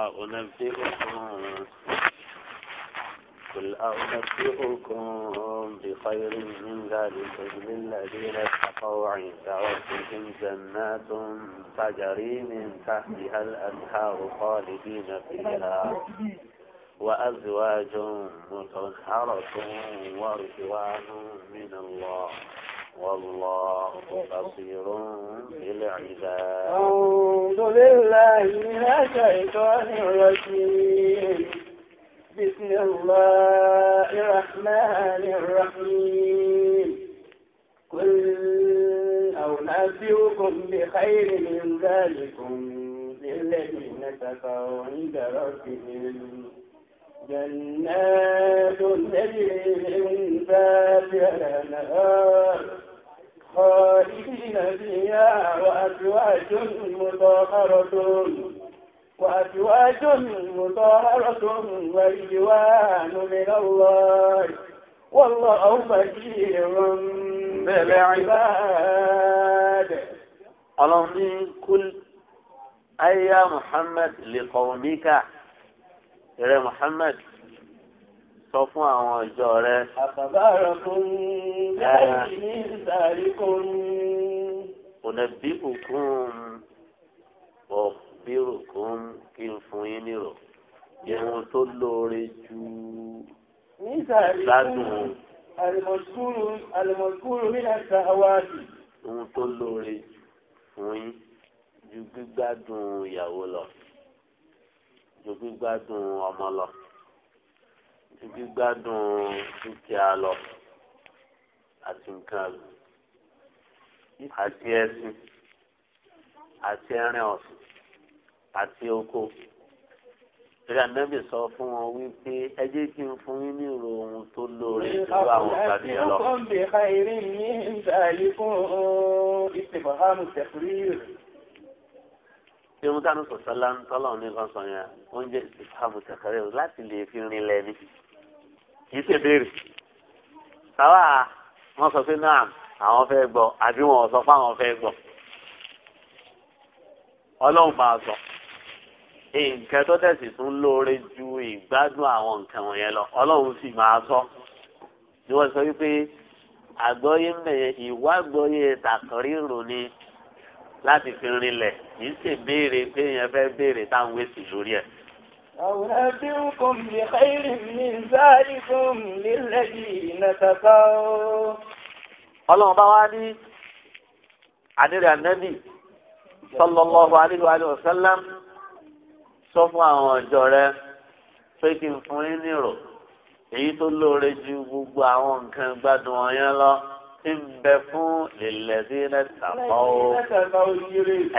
قل أنبئكم بخير من ذلك للذين اتقوا عند ربهم جنات تجري من تحتها الأنهار خالدين فيها وأزواج مطهرة ورضوان من الله والله بصير بالعباد أعوذ بالله من الشيطان الرجيم بسم الله الرحمن الرحيم قل أنبئكم بخير من ذلكم للذين تقوا عند ربهم جنات تجري من تحتها الأنهار خالدين فيها وأزواج مطهرة وأزواج مطهرة ورضوان من الله والله بشير بالعباد الله كل أي يا محمد لقومك ìrẹ Muhammad sọ fún àwọn ìjọ rẹ. àbàbàrà kún láì ní ìsàrí kún. ònàbí òkun ọ̀bírù kún kí n fún yín nírò ìwọ̀n tó lóore jù ládùn. àlùmọ̀kúrú àlùmọ̀kúrú nílẹ̀ sàwádìí. ìwọ̀n tó lóore jù fún yín ju gbígbádùn ìyàwó lọ ju gbígbádùn ọmọ lọ ju gbígbádùn dúkìá lọ àti nǹkan àti ẹṣin àti ẹran ọ̀sìn àti oko ìrìn ànábì sọ fún wọn wípé ẹ jẹ́ kí n fún yín ní ìrò ohun tó lóore ju àwọn ìpàdé lọ. ìfọ̀hánù tẹ̀kùrì rẹ̀ irun tánú sọ̀sọ́lá ń tọ́lọ̀ ní kan sọ yẹn oúnjẹ ìsìlámù tẹ̀kẹ́rẹ́ láti lè fi rin lẹ̀ ní. kìí ṣe béèrè sáwà wọn sọ pé náà àwọn fẹ́ gbọ́ àbí wọn sọ pé àwọn fẹ́ gbọ́ ọlọ́run máa sọ nǹkan tó tẹ̀sí tún lóore ju ìgbádùn àwọn nǹkan wọ̀nyẹn lọ ọlọ́run sì máa sọ ni wọ́n sọ wípé àgbọ́yé mẹ́yẹ ìwà àgbọ́yé tàkàrí ìrò ni láti fi rinlẹ̀ kì í béèrè pé yẹn fẹ́ béèrè táwọn èsì lórí ẹ̀. أنبئكم بخير من ذلكم للذين تقوا ọlọ́run bá wá ní àdéhùn ànábì sallallahu alaihi wa sallam sọ fún àwọn ọjọ́ rẹ pé kí n fún yín nírò èyí tó lóore ju gbogbo àwọn nǹkan gbádùn ọyàn lọ ti ń bẹ fún lèlẹ́dí lẹ́tàkọ́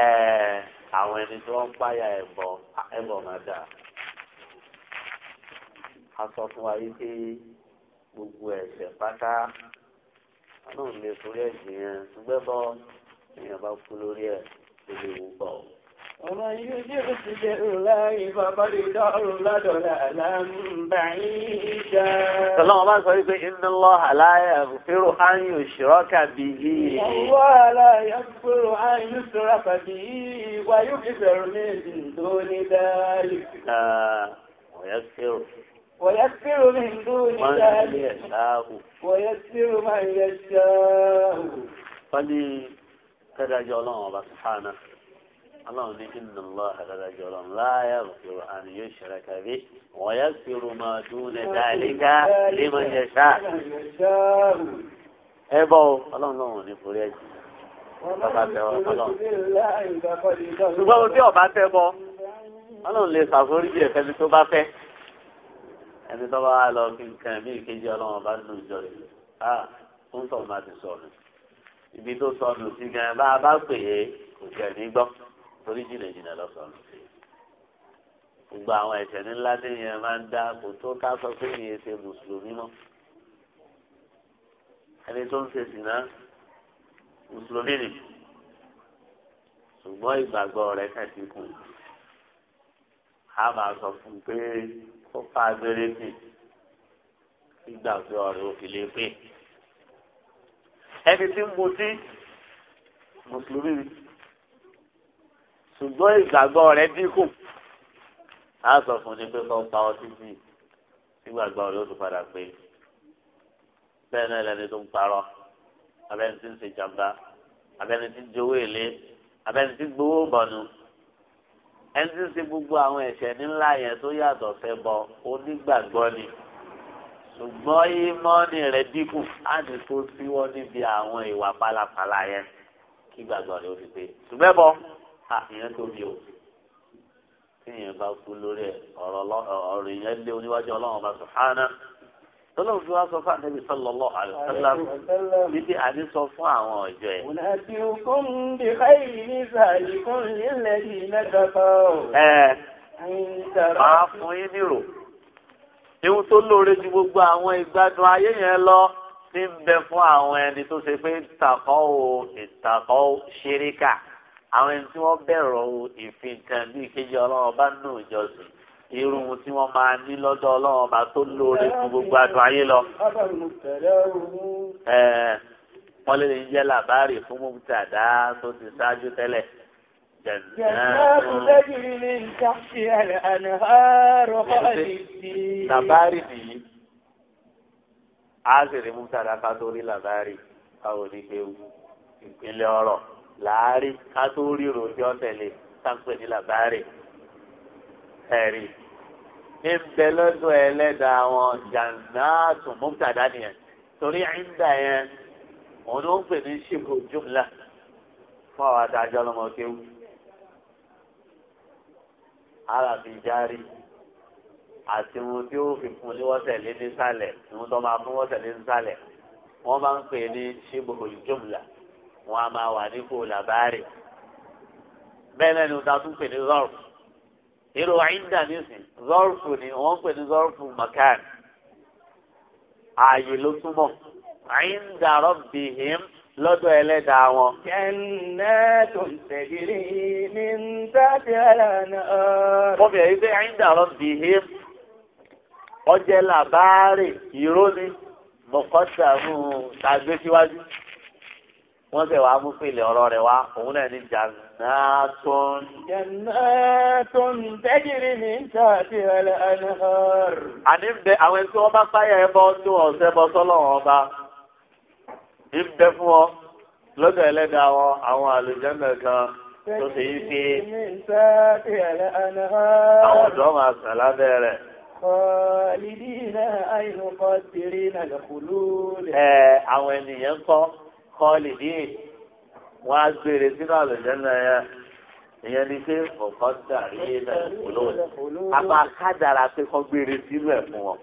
ẹ̀ àwọn ẹni tí wọ́n ń páyà ẹ̀bọ̀ ẹ̀bọ̀ máa dà. a sọ fún wa yìí pé gbogbo ẹ̀ṣẹ̀ pátá náà lè torí ẹ̀ṣẹ̀ yẹn ṣùgbọ́n bọ́ èèyàn bá kú lórí ẹ̀ lórí ìwúgbọ̀ ọ̀hún. ọmọ yìí ojú ti jẹ òrùlá ìfọ̀ bọ́dídọ́ òrùlá dọ̀là àlàmbà ìjà. Sọlọ́mọ bá sọ wípé ìdánlọ́ àláyà fèrò áyùn òṣèrọ́ kàbí yìí. Ọwọ́ àláyà Ọ ya من ذلك ويكفر من يشاء فلي تدعي الله سبحانه اللهم إن الله قد أجر لا يغفر أن يشرك به ويغفر ما دون ذلك لمن يشاء ẹbọ Ọlọ́run lọrun ní forí ẹjì bàbá tẹ Ọlọ́run ṣùgbọ́n tí ọba tẹ bọ Ọlọ́run lè ṣàforíjì ẹfẹni tó bá fẹ́ ẹni tó bá lọ fi nǹkan mí kejì Ọlọ́run ọba nínú ìjọ rẹ ah ó ń sọ ọmọ àti sọnù ibi tó sọnù sí gan bá a bá pè é kò tẹ̀ torí jìnnà jìnnà lọ́sọ̀ọ́ gbogbo àwọn ẹ̀ṣẹ̀ ńlá téèyàn máa ń dá kò tó ká sọ pé kì í ṣe mùsùlùmí mọ́ ẹni tó ń ṣe sìnà mùsùlùmí nì ṣùgbọ́n ìgbàgbọ́ rẹ̀ kẹ̀sì kù a máa sọ fún un pé ó fa abẹ́rẹ́ sí nígbà tí ọ̀rẹ́ òfin lè pè ẹni tí ń mutí mùsùlùmí nì ṣùgbọ́n ìgbàgbọ́ rẹ̀ dínkù á sọ fún ni pé kọ́ pa ọtí sí i sígbàgbọ́ rẹ̀ ó tún padà pé bẹ́ẹ̀ náà lẹni tó ń parọ́ abẹ́ni tí ń ṣe jàmbá abẹ́ni tí ń jowó èlé abẹ́ni tí ń gbowó bọ̀nu ẹni tí ń ṣe gbogbo àwọn ẹ̀ṣẹ̀ ńlá yẹn tó yàtọ̀ fẹ́ bọ onígbàgbọ́ ni ṣùgbọ́n ìmọ̀ọ́nì rẹ̀ dínkù á ní kó síwọ́ níbi àwọn ìwà pálapàla yẹn kí gbàgbọ́ rẹ̀ ó fi pé ṣùgbẹ́ bọ́ àyàn tó mi ò téèyàn bá kú lórí ẹ ọ̀rọ̀ ìyẹn lé oníwájú ọlọ́run bá sùhánà tọ́lọ́run fi wá sọ fún àtẹ́bí sọ́lọ́lọ́ àlùfẹ́lá títí àní sọ fún àwọn ọ̀jọ́ ẹ̀. ọ̀nàbí òkun bí káyìí ní sàlìkún nílẹ̀ yìí mẹ́tọ́tọ́. ẹ máa fún yín nírò ihun tó lóore ju gbogbo àwọn ìgbádùn ayé yẹn lọ ti ń bẹ fún àwọn ẹni tó ṣe pé ìtàkọ́ ò ìtàkọ́ ṣeríkà àwọn ẹni tí wọ́n bẹ̀rọ ìfin kan bíi kejì ọlọ́run bá nù ìjọsìn irú ohun tí wọ́n máa ní lọ́dọ̀ ọlọ́run bá tó lóore fún gbogbo adùn ayé lọ. wọ́n lè jẹ́ làbárì fún mọ́tàdá tó ti ṣáájú tẹ́lẹ̀. Làbárì nìyí. A sì rí mọ́tàdá ká tó rí làbárì káwọn onígbèwú ìpínlẹ̀ ọ̀rọ̀ làárí ká tó ríro tí ó tẹ̀lé sáńpẹ̀ ní làbárè ẹ̀rí ní bẹ lọ́dọ̀ ẹlẹ́dàá wọn jannatu mubtada nìyẹn torí ẹ̀ńdà yẹn òun ló ń pè ní ṣíbù jumla fún àwọn adájọ́ ọlọ́mọ kéwù alábi járí àti ohun tí ó fi fún ní wọ́n tẹ̀lé nísàlẹ̀ ohun tó máa fún wọ́n tẹ̀lé nísàlẹ̀ wọ́n máa ń pè ní ṣíbù jumla wọn a máa wà nípò làbárè bẹ́ẹ̀ náà ni wọ́n ta tún pè ní zọ́ọ̀fù irú àyíǹda nísìn zọ́ọ̀fù ni wọ́n pè ní zọ́ọ̀fù makan ààyè ló túmọ̀ àyíǹda rọ́bìhìm lọ́dọ̀ ẹlẹ́dàá wọn. kẹ́ńdà tó ń tẹ̀gìrì ní ntàdé àlànà. wọ́n bẹ̀rẹ̀ pé àyíǹda rọ́bìhìm ọjẹ́ làbárè ìróni mọ̀kọ́sàmù tàgbé síwájú wọ́n sì wá múfìlì ọ̀rọ̀ rẹ̀ wá òun náà ní jannatun. jannatun tajiri min tahtiha al-anhar. àní bẹ àwọn ẹni tí wọ́n ẹ bọ́ tó ọ̀sẹ̀ bọ́ sọ́lọ̀ wọn ń bẹ fún ọ lọ́dọ̀ ẹlẹ́dàá wọn àwọn àlùjànnà kan tó ṣe yí pé àwọn ọ̀dọ́ máa sàn lábẹ́ rẹ̀. khalidina aynu qadirina al-khulud. ẹ àwọn ènìyàn kọ́ kọ́ọ̀lì díì wọ́n á gbére sínú àlùjànnà yẹn ìyẹn ni pé ọ̀kọ́ dàrí náà olóòlù àbá kádàrà pé kọ́ gbére sínú ẹ̀ fún wọn.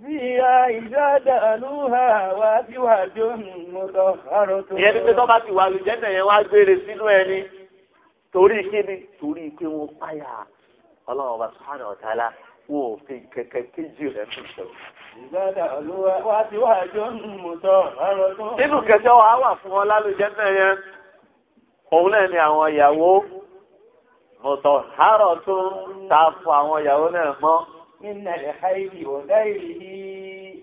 Bíyà ìjọ́dà lúhà wá síwájú mo lọ ọ̀rọ̀ tó. Ìyẹn ni pé tó bá ti wà àlùjànnà yẹn wá gbére sínú ẹ ni torí kíni torí pé wọ́n páyà ọlọ́run ọba sùhánà ọ̀tá lá wọn ò kẹkẹ kéjì rẹ fi sọ̀rọ̀. ìgbàdà olúwa wá sí wàjọ mùtọ ọ̀rọ̀ tó. nínú kẹjọ wa wà fún wọn lálùjẹ náà yẹn òun náà ni àwọn ìyàwó mùtọ àárọ̀ tó ń ta fún àwọn ìyàwó náà mọ́. nínú ẹ̀ háìlì ọ̀dá ìrìlì.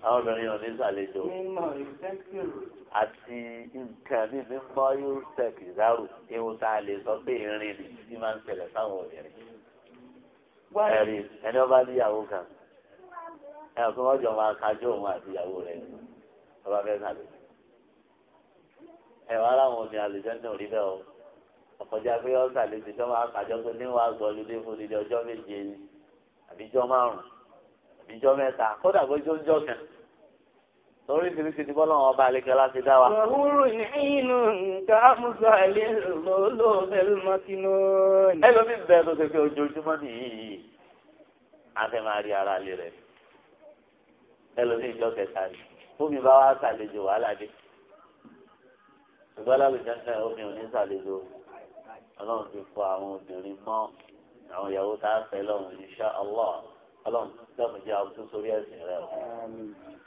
àwọn obìnrin ò ní sàlejò. nínú ìsẹ́kìrì. àti nǹkan mímí mọ́ yóò sẹ̀kì dárò ewu tá a lè sọ pé ìrìn ni tí máa ń ṣẹlẹ̀ sáwọn obìnrin ẹ̀rí ẹni ọba níyàwó kan ẹ̀ ọ̀tún wọ́n jọ máa kájọ òun àti ìyàwó rẹ̀ ọba fẹ́ sàlẹ̀ ẹ̀ wá láwọn omi àlùjẹ́ náà rí bẹ́ẹ̀ o ọ̀kọ̀já pé ọ́ sàlẹ̀ ti tọ́ máa kájọ pé níwọ̀n àgbọ̀ lóde fún lílé ọjọ́ méje àbíjọ́ márùn-ún àbíjọ́ mẹ́ta kódà bójú ń jọ kàn torí ìdírísí ti bọ́lá ọba àlekẹ́ láti dá wa. Òwúrò ní inú nǹkan amúgbà ilé olóòfẹ́lú mọ́tínú. Ẹ ló fi bẹ́ẹ̀ tó ṣe pé ojoojúmọ́ nìyí yìí. A fẹ́ máa rí ara lé rẹ̀. Ẹ ló ní ìjọ kẹta rí. Fúnmi bá wá ṣàlejò wàhálà dé. Ṣùgbọ́n láwùjọ ṣe omi ò ní ṣàlejò. Ọlọ́run ti fọ àwọn obìnrin mọ́ àwọn ìyàwó tá a fẹ́ lọ́run insha Allah. Ọlọ́run dọ́kùnjẹ́ àwọn tó sórí ẹ̀sìn rẹ̀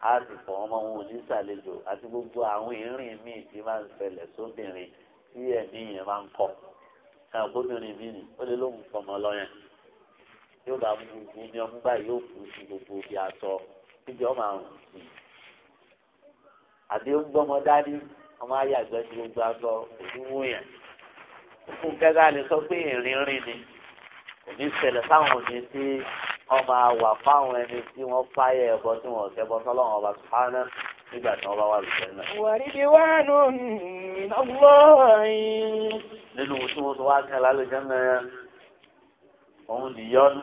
á sì fọ ọmọ wọn oníṣàlejò àti gbogbo àwọn ìrìn míì tí máa ń ṣẹlẹ̀ sóbìnrin tí ẹ̀mí yẹn máa ń kọ̀ ká gbóbìnrin mi nì ó lè lóhùn fọmọ lọ́yàn yóò bá gbogbo ní ọmú báyìí yóò kú sí gbogbo bí aṣọ níbi ọmọ àrùn sí i àbí ó ń gbọ́mọ dání ọmọ ayàgbẹ́ sí gbogbo aṣọ òdúwó yẹn fún kẹ́kẹ́ àlè pé ìrìn rìn ni kò ní ṣẹlẹ̀ sáwọn òní sí wọ́n máa wà fáwọn ẹni tí wọ́n fáyẹ̀ ẹ̀bọ tí wọ́n ṣẹbọ sọ́lọ́run ọba sùpánà nígbà tí wọ́n bá wà lùfẹ́ náà. wàrí bí wàá nù ọlọ́ọ̀yìn. nínú tí mo tún wá kan lálejò náà òun nìyọnu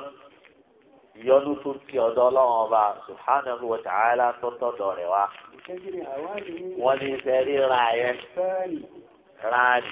ìyọnu tó ti ọ̀dọ̀ ọlọ́run ọba subhanahu wa ta'ala tó tọ̀dọ̀ rẹ̀ wá. wọ́n ní sẹ́rí ra yẹn ra ni.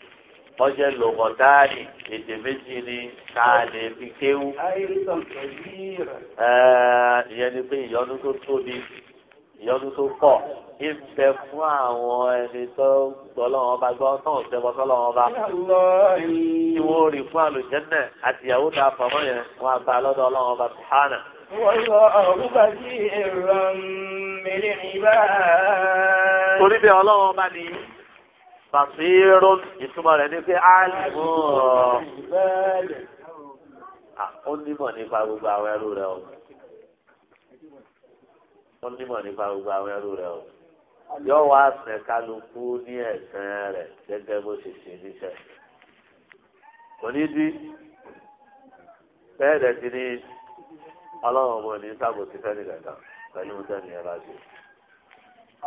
kọjá lòkọtáàlì èdè méjì ni káàlì fi kéwú. ìyẹn ni pé ìyọnu tó tóbi ìyọnu tó pọ̀ ìbẹ fún àwọn ẹni tó gbọ́ lọ́wọ́ bá gbọ́ tó ń sẹ́wọ́ tó lọ́wọ́ bá. tí wọ́n rí fún àlùjẹ́nẹ̀ àti ìyàwó tá a yẹn wọ́n á lọ́dọ̀ ọlọ́wọ́ bá sùhánà. wọ́n lọ ọ̀rùn bá sí ìrọ̀rùn mẹ́rin ìbá. torí bẹ́ẹ̀ ọlọ́wọ́ bá ní. Bàṣírò ìtumọ̀ rẹ̀ ní pé àlìmú ọ̀. Ó nímọ̀ nípa gbogbo àwọn ẹrú rẹ̀ o. Ó nímọ̀ nípa gbogbo àwọn ẹrú rẹ̀ o. Yóò wá sẹ̀ kálukú ní ẹ̀sẹ̀ rẹ̀ gẹ́gẹ́ bó ṣe ṣe níṣẹ́. Kò ní dí. Bẹ́ẹ̀ dẹ̀ ti ní ọlọ́run ọmọ ní sábò ti fẹ́ pẹ̀lú tẹ́lẹ̀ ẹ̀ bá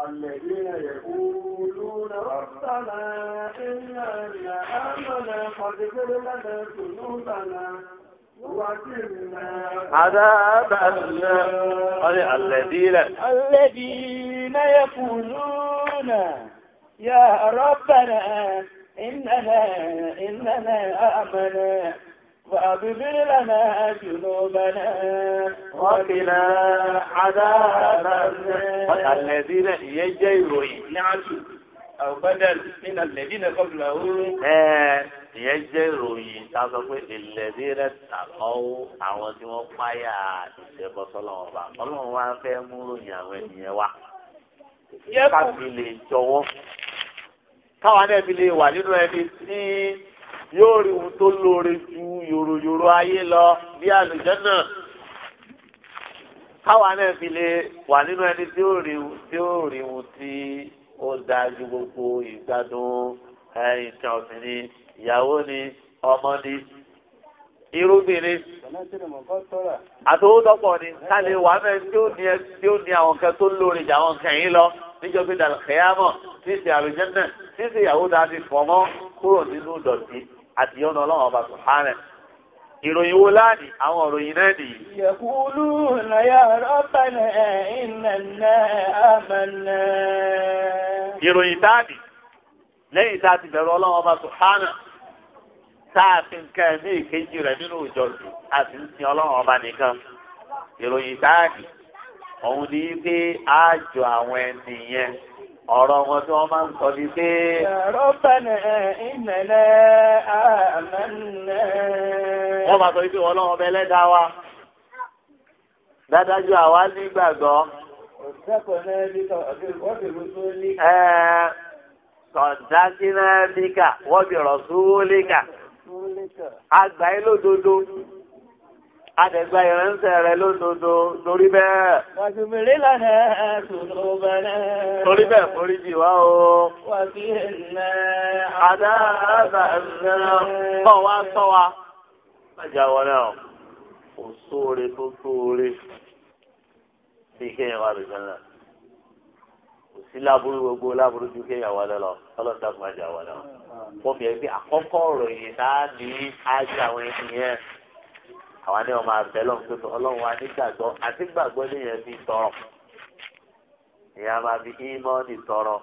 الذين يقولون ربنا إنا آمنا فاغفر لنا ذنوبنا عذاب الذين الذين يقولون يا ربنا إننا إننا آمنا فأبذل لنا جنوبنا وقنا عذاب الذين يجيرون نعجو أو بدل من الذين قبلهم ìyẹn jẹ́ ìròyìn tá a sọ pé ìlẹ̀dí rẹ̀ tàkọ́ àwọn tí wọ́n páyà ìṣẹ̀bọ̀ sọ́lọ́wọ́n bá ọlọ́run wá fẹ́ àwọn ènìyàn wá káfí lè káwọn ẹbí lè wà nínú ẹbí tí yóò rí ohun tó lóore ju yòròyòrò ayé lọ bí àlùjànnà káwa náà fi lè wà nínú ẹni tí ó rí tí ó rí ohun tí ó dáa ju gbogbo ìgbádùn ẹ̀yìn tí ọ̀sìn ni ìyàwó ni ọmọ ni irúbìnrin àtòwótọ́pọ̀ ni káàlì wà mẹ́ tí ó ní àwọn kan tó lórí ìjà àwọn kẹ̀yìn lọ níjọba ìdàlùkẹ́yàmọ̀ tí ìsìn àlùjẹ́nà tí ìsìn ìyàwó dáa ti fọ̀ kúrò nínú dọ̀tí àti yọ̀nà ọlọ́run ọba sùhánẹ̀ ìròyìn wo láàdì àwọn ìròyìn náà dị? yẹ̀kúlù náyà ìròyìn táàdì lẹ́yìn tá a ti bẹ̀rù ọlọ́run ọba sùhánà tá a fi nǹkan ìkejì rẹ̀ nínú ìjọsìn a sì ń sin ọlọ́run ọba nìkan ìròyìn a àwọn ẹni yẹn ọ̀rọ̀ wọn tí wọ́n máa ń sọ ní pé. wọ́n máa sọ wípé wọ́n lọ́wọ́ bẹ lẹ́dàá wa dádájú àwa nígbàgbọ́. wọ́n bí rọ̀ súwó lékà lódodo. Adẹ̀gbà ìránṣẹ́ rẹ lódodo lórí bẹ́ẹ̀. Wàtúmìrí lánàá tòló bẹ̀rẹ̀. Lórí bẹ́ẹ̀ forí jì wá o. Wàtí ẹ̀nà àdáàbà ẹ̀nà. Bọ̀ wá sọ wa. Májà wọlé o. Kò sóore tó sóore. Bí kéèyàn wà lójú náà. Kò sí láburú gbogbo láburú ju kéèyàn wọlé lọ. Ọlọ́sàn májà wọlé o. Wọ́n fi ẹgbẹ́ àkọ́kọ́ ọ̀rọ̀ yìí sáà ní ájà àwọn ẹni àwọn àni ọmọ abẹ lọ́wọ́ pé ọlọ́run wa nígbàgbọ́ àti gbàgbọ́ nìyẹn fi tọrọ ìyá máa fi ímọ́ọ̀nì tọrọ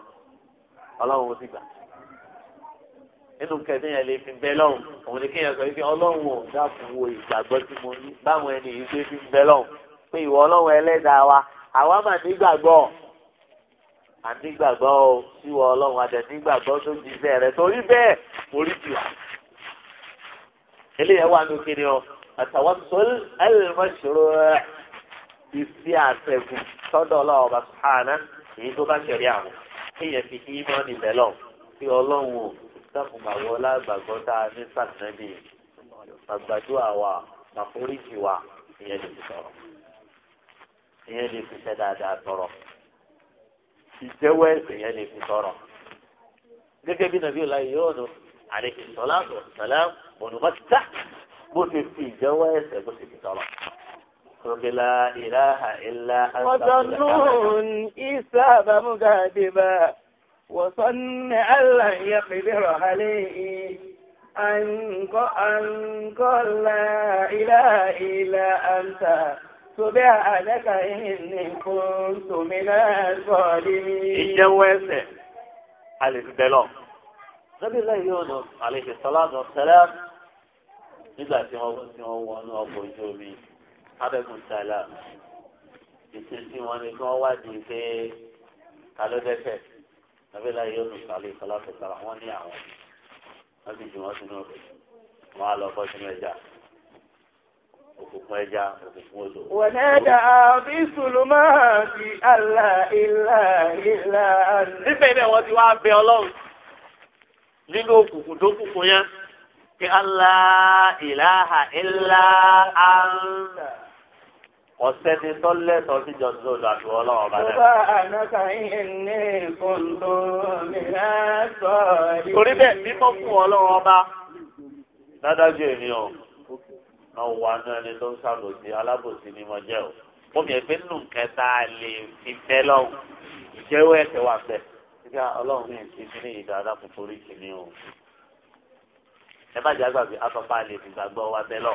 ọlọ́run ó sì gbà nínú kẹ̀mí yẹn lè fi bẹ́ lọ́hùn òun ni kéèyàn sọ wípé ọlọ́run ò dákun wo ìgbàgbọ́ tí mo ní báwọn ẹni yìí gbé fi bẹ́ lọ́hùn pé ìwọ ọlọ́run ẹlẹ́dàá wa àwa mà nígbàgbọ́ ànígbàgbọ́ o síwọ ọlọ́run àti ànígbàgbọ́ tó jíṣẹ́ rẹ̀ torí bẹ́ẹ̀ orí tiwa eléyàwó àánú kiri o àtàwọ́sọ́l ẹlẹ́mọ̀ṣòro ìfi àtẹ̀gùn sọ́dọ̀ ọlọ́ọ̀bà sùhánà èyí tó bá ṣẹ̀rí àwọn kéèyàn fi kí mọ́ níbẹ̀ lọ kí ọlọ́run ò dákùnbàwọ́ lágbàgbọ́ tá a ní sàtẹ́bì àgbàdo àwa àforíjì wa ìyẹn lè fi sọ̀rọ̀ ìyẹn lè fi ṣẹ́ dáadáa sọ̀rọ̀ ìjẹ́wọ́ ẹ̀sìn ìyẹn lè fi sọ̀rọ̀ gẹ́gẹ́ bí nàbí ọ̀la yìí yóò nù àlejò sọ̀lá sọ̀lá ọ̀nùmọ́tà bó ṣe fi ìjẹ́wọ́ ẹ̀ṣẹ̀ bó ṣe fi tọrọ. Sọ̀kìlà ìlàhà ìlà àṣà. Ọ̀dọ́nùn ìsà àbámúgà dìbà wọ̀sán àlà yẹ̀kìdìrọ̀ àlẹ́ àǹkọ́ la ìlàhà ìlà àṣà. سبحانك إني كنت من الظالمين ìjẹ́wọ́ ẹ̀ṣẹ̀ alẹ́ ti bẹ̀ lọ. Nabi Allah Yunus alayhi salatu wa salam nígbà tí wọ́n tí wọ́n wọnú ọkọ̀ ojú omi abẹ́kùn sàlà ìṣe tí wọ́n ní kí wọ́n wádìí pé kálọ́dẹ́sẹ̀ abẹ́lá yóò nù sàlẹ̀ ìfọláfẹ́sàlà wọ́n ní àwọn wọ́n ti jù wọ́n sínú ọkọ̀ wọ́n á lọ bọ́ sínú ẹja òkùnkùn ẹja òkùnkùn odò. wọ́n ẹ̀dá bí sùlùmọ́ ti àlà ìlà ìlà. níbẹ̀ ibẹ̀ wọ́n ti wá bẹ ọlọ́run nínú òkùnkùn tó kùnkùn yẹn pé Allah ilaha illa anta ọ̀sẹ̀ ni tọ́lẹ̀ tọ́ sí jọ̀dún lọ́dọ̀ àti ọlọ́wọ́ bá dẹ̀. Bá ànáka yìí ní kòńdó mìíràn sọ yìí. Torí bẹ́ẹ̀ mímọ́ fún ọlọ́wọ́ bá dádájú ènìyàn náà wà ní ẹni tó ń ṣàbòsí alábòsí ni mo jẹ́ o. Bómi ẹ̀fẹ́ nù kẹta lè fi bẹ́ lọ́hùn. Ìjẹ́wọ́ ẹ̀tẹ̀ wà bẹ́ẹ̀. Ṣé ọlọ́run mi ti ní ìdáadáa kò kìíní o? ẹ má jà gbàgbé afọ́fá lè fi gbàgbọ́ wa bẹ́ẹ̀ lọ.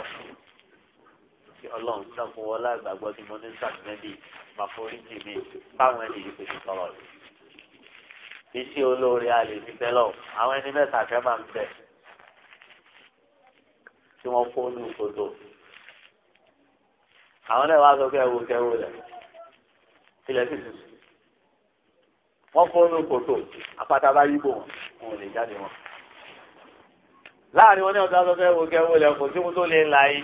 kí ọlọ́run sàkó wọn lágbàgbọ́ tí mo ní sàtìmẹ́lì máa forí jì mí báwọn ẹni yìí pèsè tọrọ yìí. iṣẹ́ olóore a lè fi bẹ́ẹ̀ lọ àwọn ẹni mẹ́ta fẹ́ máa ń bẹ̀ tí wọ́n kó ní ìkòtò. àwọn náà wá sọ pé ẹwo kẹwo rẹ̀ ilẹ̀ sì sùn. wọ́n kó ní ìkòtò àpáta bá yíbò wọn wọn ò lè jáde wọn láàrin wọn ní ọ̀dọ́ afẹ́fẹ́ wo kẹ́ wọlé kò sí mo tó lè la yìí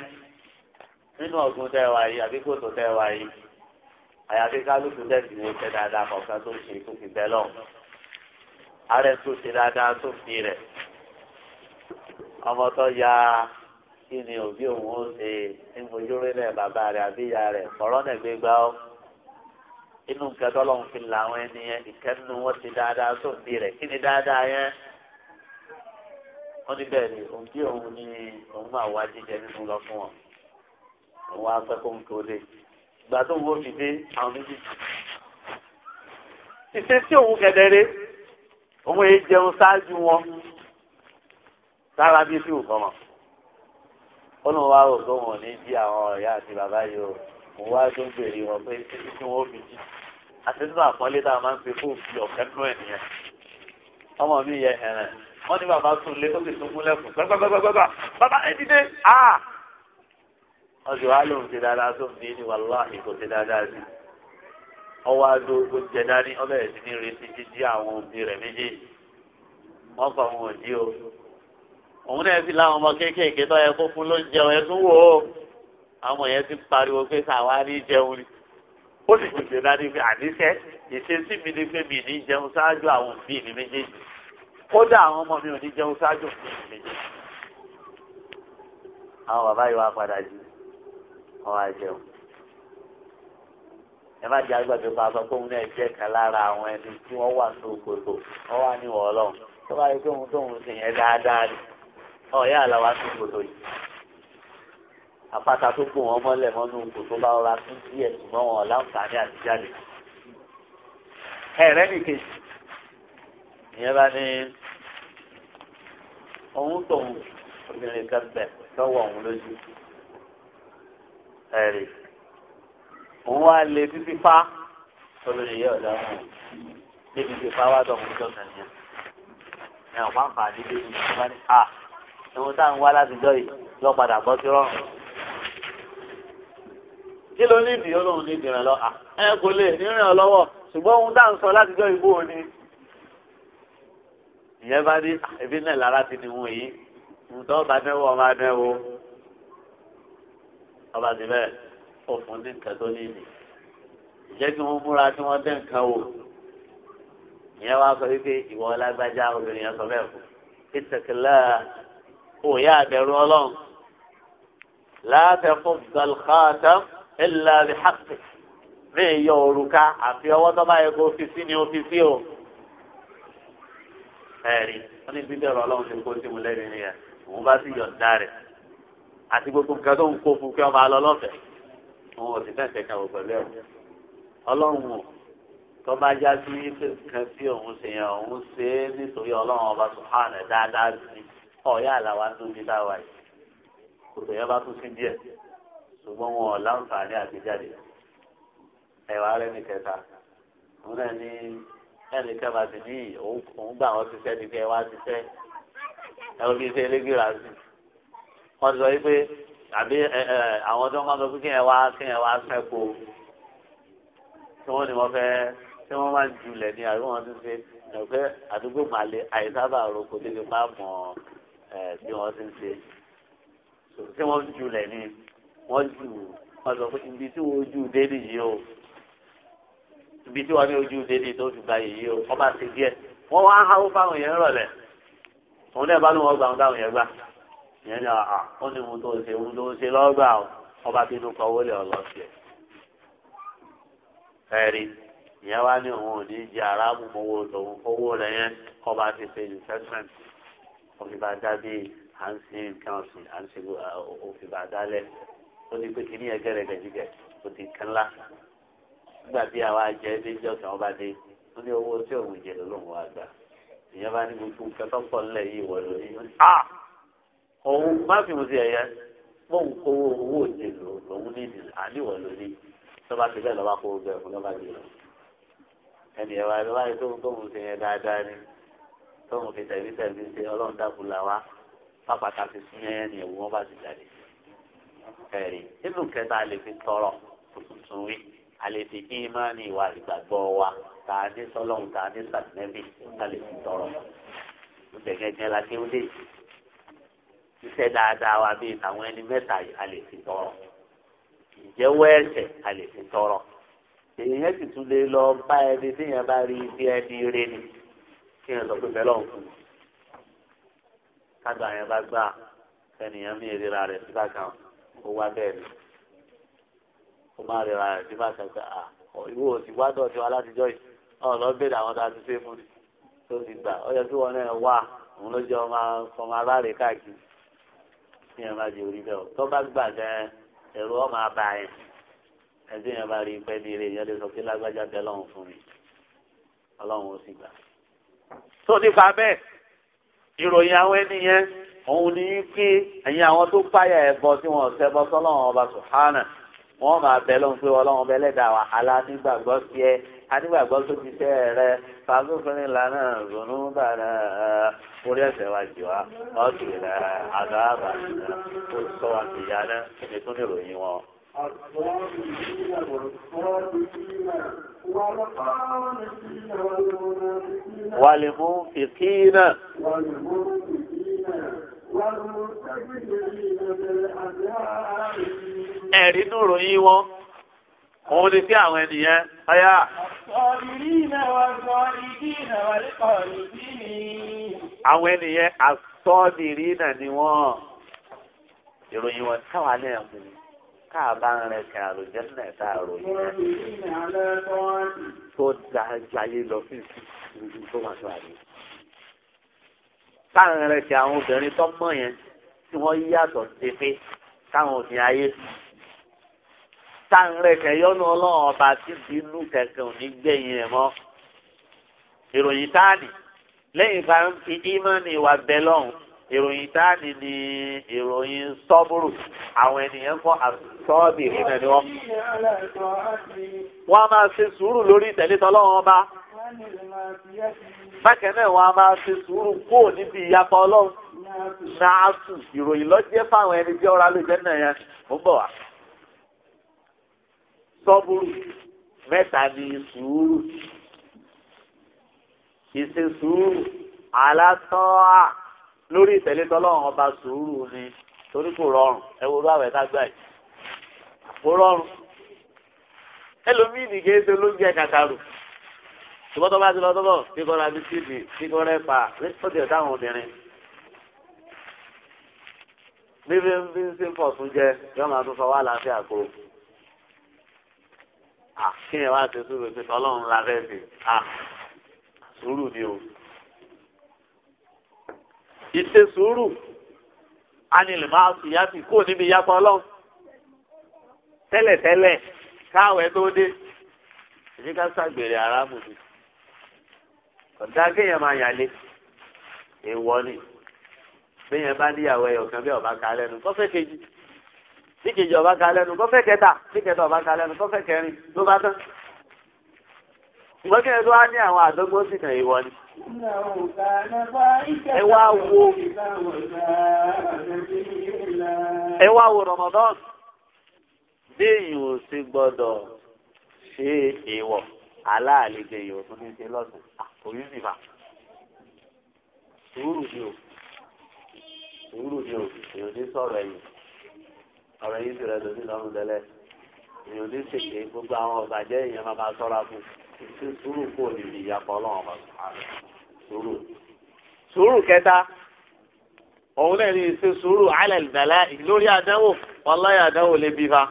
nínú ọ̀gbun tẹ́ wá yìí àbí kòtò tẹ́ wá yìí àyàfi kálukú tẹ̀sí ní ìfẹ́ dáadáa kọ̀ọ̀kan tó ṣe tó fi bẹ́ lọ. ààrẹ tó ṣe dáadáa tó fi rẹ̀ ọmọ tó ya kí ni òbí òun ó ṣe ní mojúrí rẹ̀ bàbá rẹ̀ àbí ìyá rẹ̀ ọ̀rọ̀ náà gbé gbá ọ́ inú nǹkan tọ́lọ́run fi làwọn ẹni yẹn ìkẹ́nu wọn ti dáadáa tó fi rẹ̀ kí ni dáadáa yẹn wọ́n ní bẹ́ẹ̀ ni òun bí òun ní òun máa wá jíjẹ nínú lọ fún wọn òun wá pẹ́ kó ń tó lé ìgbà tó ń wó fi dé àwọn méjì. ìṣe tí òun kẹ̀dẹ̀rẹ́ òun èyí jẹun ṣáájú wọn sára bí sí òkan mọ̀ ó lóun wá rò pé òun ní jí àwọn ọ̀rẹ́ àti bàbá yìí o òun wá tó ń béèrè wọn pé títí tí wọ́n fi jí àti nínú àpọ́nlé tá a máa ń pe fóònù ọ̀kẹ́ nú ẹ̀ nìyẹn ọmọ mi yẹ ẹ̀rẹ̀ wọ́n ní bàbá sùn lé ó sì tún lẹ́kùn gbàgbàgbàgbà bàbá ẹ dìde a. wọ́n sì wá lóun ti dáadáa tó ń bí ní wàláhì kò ti dáadáa sí. ọwọ́ adó oúnjẹ dání ọbẹ̀ ẹ̀ sì ní retí jíjí àwọn òbí rẹ̀ méjèèjì. wọ́n kọ́ wọn ò o. òun náà sì láwọn ọmọ kéékèèké tó yẹ kó fún lóúnjẹ ọ̀yẹ́ tó wò ó. àwọn yẹn ti pariwo pé sàwa ní jẹun ni. ó sì gbèsè dání pé àníṣe ìṣesí kódà àwọn ọmọ mi ò ní jẹun ṣáájú àwọn bàbá yìí wá padà jù wọn wá jẹun ẹ má jẹ agbàdo pa sọ pé òun náà jẹ kan lára àwọn ẹni tí wọn wà ní òkòtò wọn wà ní ìwọ tó bá yẹ pé òun tóun sì yẹn dáadáa ni ọyá àlàwà ní òkòtò yìí àpáta tó gbòòn ọmọlẹ̀ mọnú òkòtò bá rọra tún díẹ̀ ṣùgbọ́n wọn ọlá ń kà ní àtijáde ẹ rẹ nìkejì ìyẹn bá ní òun tóun obìnrin kan bẹ̀ lọ́wọ́ òun lójú ẹ̀rì òun wá lé títí fá olórí yẹ ọ̀dà ọ̀hún débi tí fá wá dọ̀kun tó kàn yẹn ẹ̀ ọ̀pá nǹkan àdídé ní ìjọba ní à ìwọ̀n táwọn wá láti jọ yìí lọ padà bọ́ sí rọrùn kí ló ní ìdí olóhùn ní ìdìrẹ̀ lọ à ẹ kò lè nírìn ọ lọ́wọ́ ṣùgbọ́n ohun tá à ń sọ láti jọ ìbò ni ìyẹn bá ní ẹbí náà lára ti ní wọn yìí ǹtọ́ ọba dẹ́wọ́ ọba dẹ́wọ́ ọba ti bẹ́ẹ̀ ó fún ní nǹkan tó ní ìdí ìjẹ́ kí wọ́n múra kí wọ́n dẹ́ nǹkan wò ìyẹn wá sọ wípé ìwọ lágbájá obìnrin yẹn sọ bẹ́ẹ̀ fún ìtẹ̀kẹ́lá òòyà àbẹ̀rù ọlọ́run láàbẹ̀ fún galkhata ẹ̀ láàbẹ̀ hàpẹ̀ bẹ́ẹ̀ yọ òrùka àfi ọwọ́ tó bá yẹ kó fi sí ni ó fi sí o ẹ̀rí wọ́n ní bíbẹ̀rù ọlọ́run ti kó sí mu lẹ́nu ni ẹ̀ òun bá sì yọ̀ǹda rẹ̀ àti gbogbo nǹkan tó ń kó fún kí wọ́n máa lọ lọ́fẹ̀ẹ́ òun ò sì fẹ́ kẹ̀kẹ́ wò pẹ̀lú ẹ̀ ọlọ́run ò tó bá já sí kan sí òun ṣe yẹn òun ṣe é nítorí ọlọ́run ọba sùhánù dáadáa sí ọ̀yá àlàwà tó bí dáwà yìí kòtò yẹn bá tún sí díẹ̀ ṣùgbọ́n wọn ò láǹfààní àtijáde ẹ̀wà rẹ̀ ní kẹta òun náà ní ẹnì kan bá ti ní òun gbà wọn ṣiṣẹ́ níbi ẹ wá ṣiṣẹ́ ẹ̀rọ ṣe elégbèrè àti wọ́n sọ wípé àbí àwọn tó ń kọ́ sọ pé kí ẹ wá kí ẹ wá sẹ́kù tí wọ́n ní wọ́n fẹ́ tí wọ́n máa ń ní àbí wọ́n ti ṣe ẹ̀fẹ́ àdúgbò màlẹ́ àìsábà roko débi pa mọ́ bí wọ́n ti ṣe tí wọ́n julẹ̀ ní wọ́n jù wọ́n sọ pé ibi tí wọ́n jù dé nìyí o ibi tí wọ́n ní ojú délé tó fi gba yìí o ọba ti díẹ̀ wọ́n wá háwó fáwọn yẹn rọ̀lẹ́ òun náà bá ní wọ́n gbà wọn táwọn yẹn gbà yẹn ní àà ó ní ohun tó ń ṣe ohun tó ń ṣe lọ́gbà o ọba bínú kọ owó lè ọlọ́ sí ẹ ẹ̀rí ìyẹn wá ní òun ò ní jẹ aráàmù owó lòun owó rẹ yẹn ọba ti ṣe investment òfin bá dá bí à ń sin nǹkan ọ̀sìn à ń sin òfin bá dá lẹ̀ ó ní pé kí ní ẹgẹ́rẹ́ gẹ̀jígẹ̀ ó ti kẹ́ńlá nígbà bí àwa jẹ ẹlẹ́jì ọ̀sán ọba dé ó ní owó tí òun jẹ lọ́lọ́run wa ìyẹn bá ní gbogbo nǹkan pọ̀ nílẹ̀ yìí wọ̀ lórí òun má fi mu sí ẹ̀yẹ mọ̀ ń kówó owó òde lòun ní ìdìlẹ̀ àníwọ̀ lórí lọ́ba ti bẹ́ẹ̀ lọ́ba kó o fún lọ́ba dé lọ ẹnì ẹ̀wà ẹ̀ lọ́ba yìí tóun tóun ṣe yẹn dáadáa ni tóun fi tẹ̀lé tẹ̀lé ṣe ọlọ́run dákun là wá pápákà fi sún yẹn ni ẹ̀wù wọn ti jáde ẹ̀rí inú kẹta lè fi tọrọ tuntun wí àlèfi kí imáni ìwà ìgbàgbọ́ wa tá ní sọ́lọ́hún tá ní sàtìmẹ́bì tá lè fi tọrọ. ó bẹ̀gẹ́ jẹ́ lakẹ́ ó lè ṣiṣẹ́ dáadáa wa bíi àwọn ẹni mẹ́ta a lè fi tọrọ. ìjẹ́wọ́ ẹ̀ṣẹ̀ a lè fi tọrọ. èèyàn sì tún lè lọ bá ẹni tí yẹn bá rí bí ẹni rẹ ni kí yẹn sọ pé bẹ́ẹ̀ lọ́hùn fún un. kájọ àyẹ̀bá gbà ẹnìyàn mí ìríra rẹ̀ síbákan ó wá bẹ́ẹ̀ ni kó má rẹ̀ rárẹ̀ bí bá kẹta à ìwọ òsì gbádùn ọ̀dọ̀ alátijọ́ yìí ọ̀ lọ bèèrè àwọn tá a ti ṣe fún mi tó ti gbà ọ yẹ kí wọn náà wà òun ló jẹ ọmọ ọmọ aláàrẹ káàkiri ní ẹ̀ má di orí bẹ́ẹ̀ tó bá gbà gan ẹ̀rọ ọmọ abà yẹn ẹ̀sìn yẹn bá rí pẹ́ ní yẹn lè sọ pé lágbájá bẹ́ẹ̀ lọ́hùn fún mi ọlọ́run ó sì gbà. tó nípa bẹ́ẹ̀ ìròyìn àwọn ènìyàn òun ní í ẹ̀yin àwọn tó páyà ẹ̀bọ tí wọ́n ṣẹbọ sọ́lọ́run ọba sùhánà wọ́n máa bẹ lóhùn pé ọlọ́run bẹ lẹ́dàá wàhálà nígbàgbọ́ sí ẹ anígbàgbọ́ tó ti sẹ́ rẹ fagófinrin lànà ronú bàrà orí ẹsẹ̀ wa jù wá ọ̀sùn rẹ̀ àgbààgbà ó sọ wa sì yá náà ètò ìròyìn wọn. wàlìmú fìkínà. wàlìmú fìkínà ẹ̀rí inú ìròyìn wọn òun ni sí àwọn ènìyàn ọyá. àwọn ènìyàn àtọ́nìrí náà ni wọ́n ìròyìn wọn táwa náà mú káàbá ń rẹ kàn àròjẹ náà tá ròyìn náà tó dáa jayé lọ sí ìlú tó wà tó àlè táwọn rẹ̀ àwọn obìnrin tó mọ̀ yẹn tí wọ́n yàtọ̀ tẹ́fẹ́ táwọn òfin ayé táwọn rẹ̀ kẹyọ́nù ọlọ́run ọba tí bínú kẹ̀kẹ́ òní gbẹ̀yìn ẹ̀ mọ́ ìròyìn táàdì lẹ́yìn ìgbà ń fi ímánì wà bẹ́ẹ̀ lọ́hùn ìròyìn táàdì ni ìròyìn sọ́bùrù àwọn ènìyàn kọ́ àtọ́ọ̀bì ìrìnà ni wọ́n. wọ́n máa ṣe sùúrù lórí ìtẹ̀lé tọ́lọ́run ọba bákan náà wọn a máa ṣe sùúrù kó níbi ìyapa ọlọ́run náà tù ìròyìn lọ́jẹ́ fáwọn ẹni tí ọ̀rá lè jẹ́ náà yẹn ó bọ̀ wá. sọ́bùrù mẹ́ta ni sùúrù ìṣe sùúrù alátọ́à lórí ìtẹ̀lé tọ́lọ́run ọba sùúrù ni torí kò rọrùn ẹ wo báwẹ̀ tágbà yìí kò rọrùn ẹlòmíì nìgẹ́ ṣe lóúnjẹ kàkàrò ṣùgbọ́n tó bá ti lọ tó bọ̀ kíkọ́ ra bisikíìtì kíkọ́ rẹ̀ pa nítorí ọ̀dà àwọn obìnrin. bí bí bí ṣe ń pọ̀ tún jẹ yóò máa tún sọ wá láàfin àgbo. àkínyẹ̀ wá ti súnbẹ̀ pé ọlọ́run la fẹ́ sí à sùúrù ni o. ìṣe sùúrù anilè máa sì yá sí kó níbi ìyapa ọlọ́run. tẹ́lẹ̀tẹ́lẹ̀ káwẹ̀ tó dé. èyí ká ṣàgbèrè aráàmù ọ̀dà kéèyàn máa yàn lé ni béèyàn bá níyàwó ẹyọ kan bí ọba ká lẹ́nu kọ́fẹ́ kejì bí kejì ọba ká lẹ́nu kọ́fẹ́ kẹta bí kẹta ọba ká lẹ́nu kọ́fẹ́ kẹrin ló bá tán ṣùgbọ́n kí ẹ tó wá ní àwọn àdógbò sì kàn èèwọ̀ ni. ẹ wá wo ẹ wá wo Ramadan déèyàn ò sì gbọ́dọ̀ ṣe èèwọ̀ aláàlejò èèyàn tó ní ṣe lọ́sùn kò ní sì fà sùúrù ni o sùúrù ni o èèyàn ní sọ̀rọ̀ ẹ̀yìn ọ̀rọ̀ yìí sì rẹ̀ lórí lọ́rùn tẹ́lẹ̀ èèyàn ní sèké gbogbo àwọn ọ̀bàjẹ́ èèyàn máa máa sọ́ra fún ṣé sùúrù kò ní bí ìyàpọ̀ ọlọ́run ọba sùúrù sùúrù kẹta òun náà ní ṣe sùúrù alẹ́ ìdàlá lórí àdánwò ọláyà àdánwò lè bí fa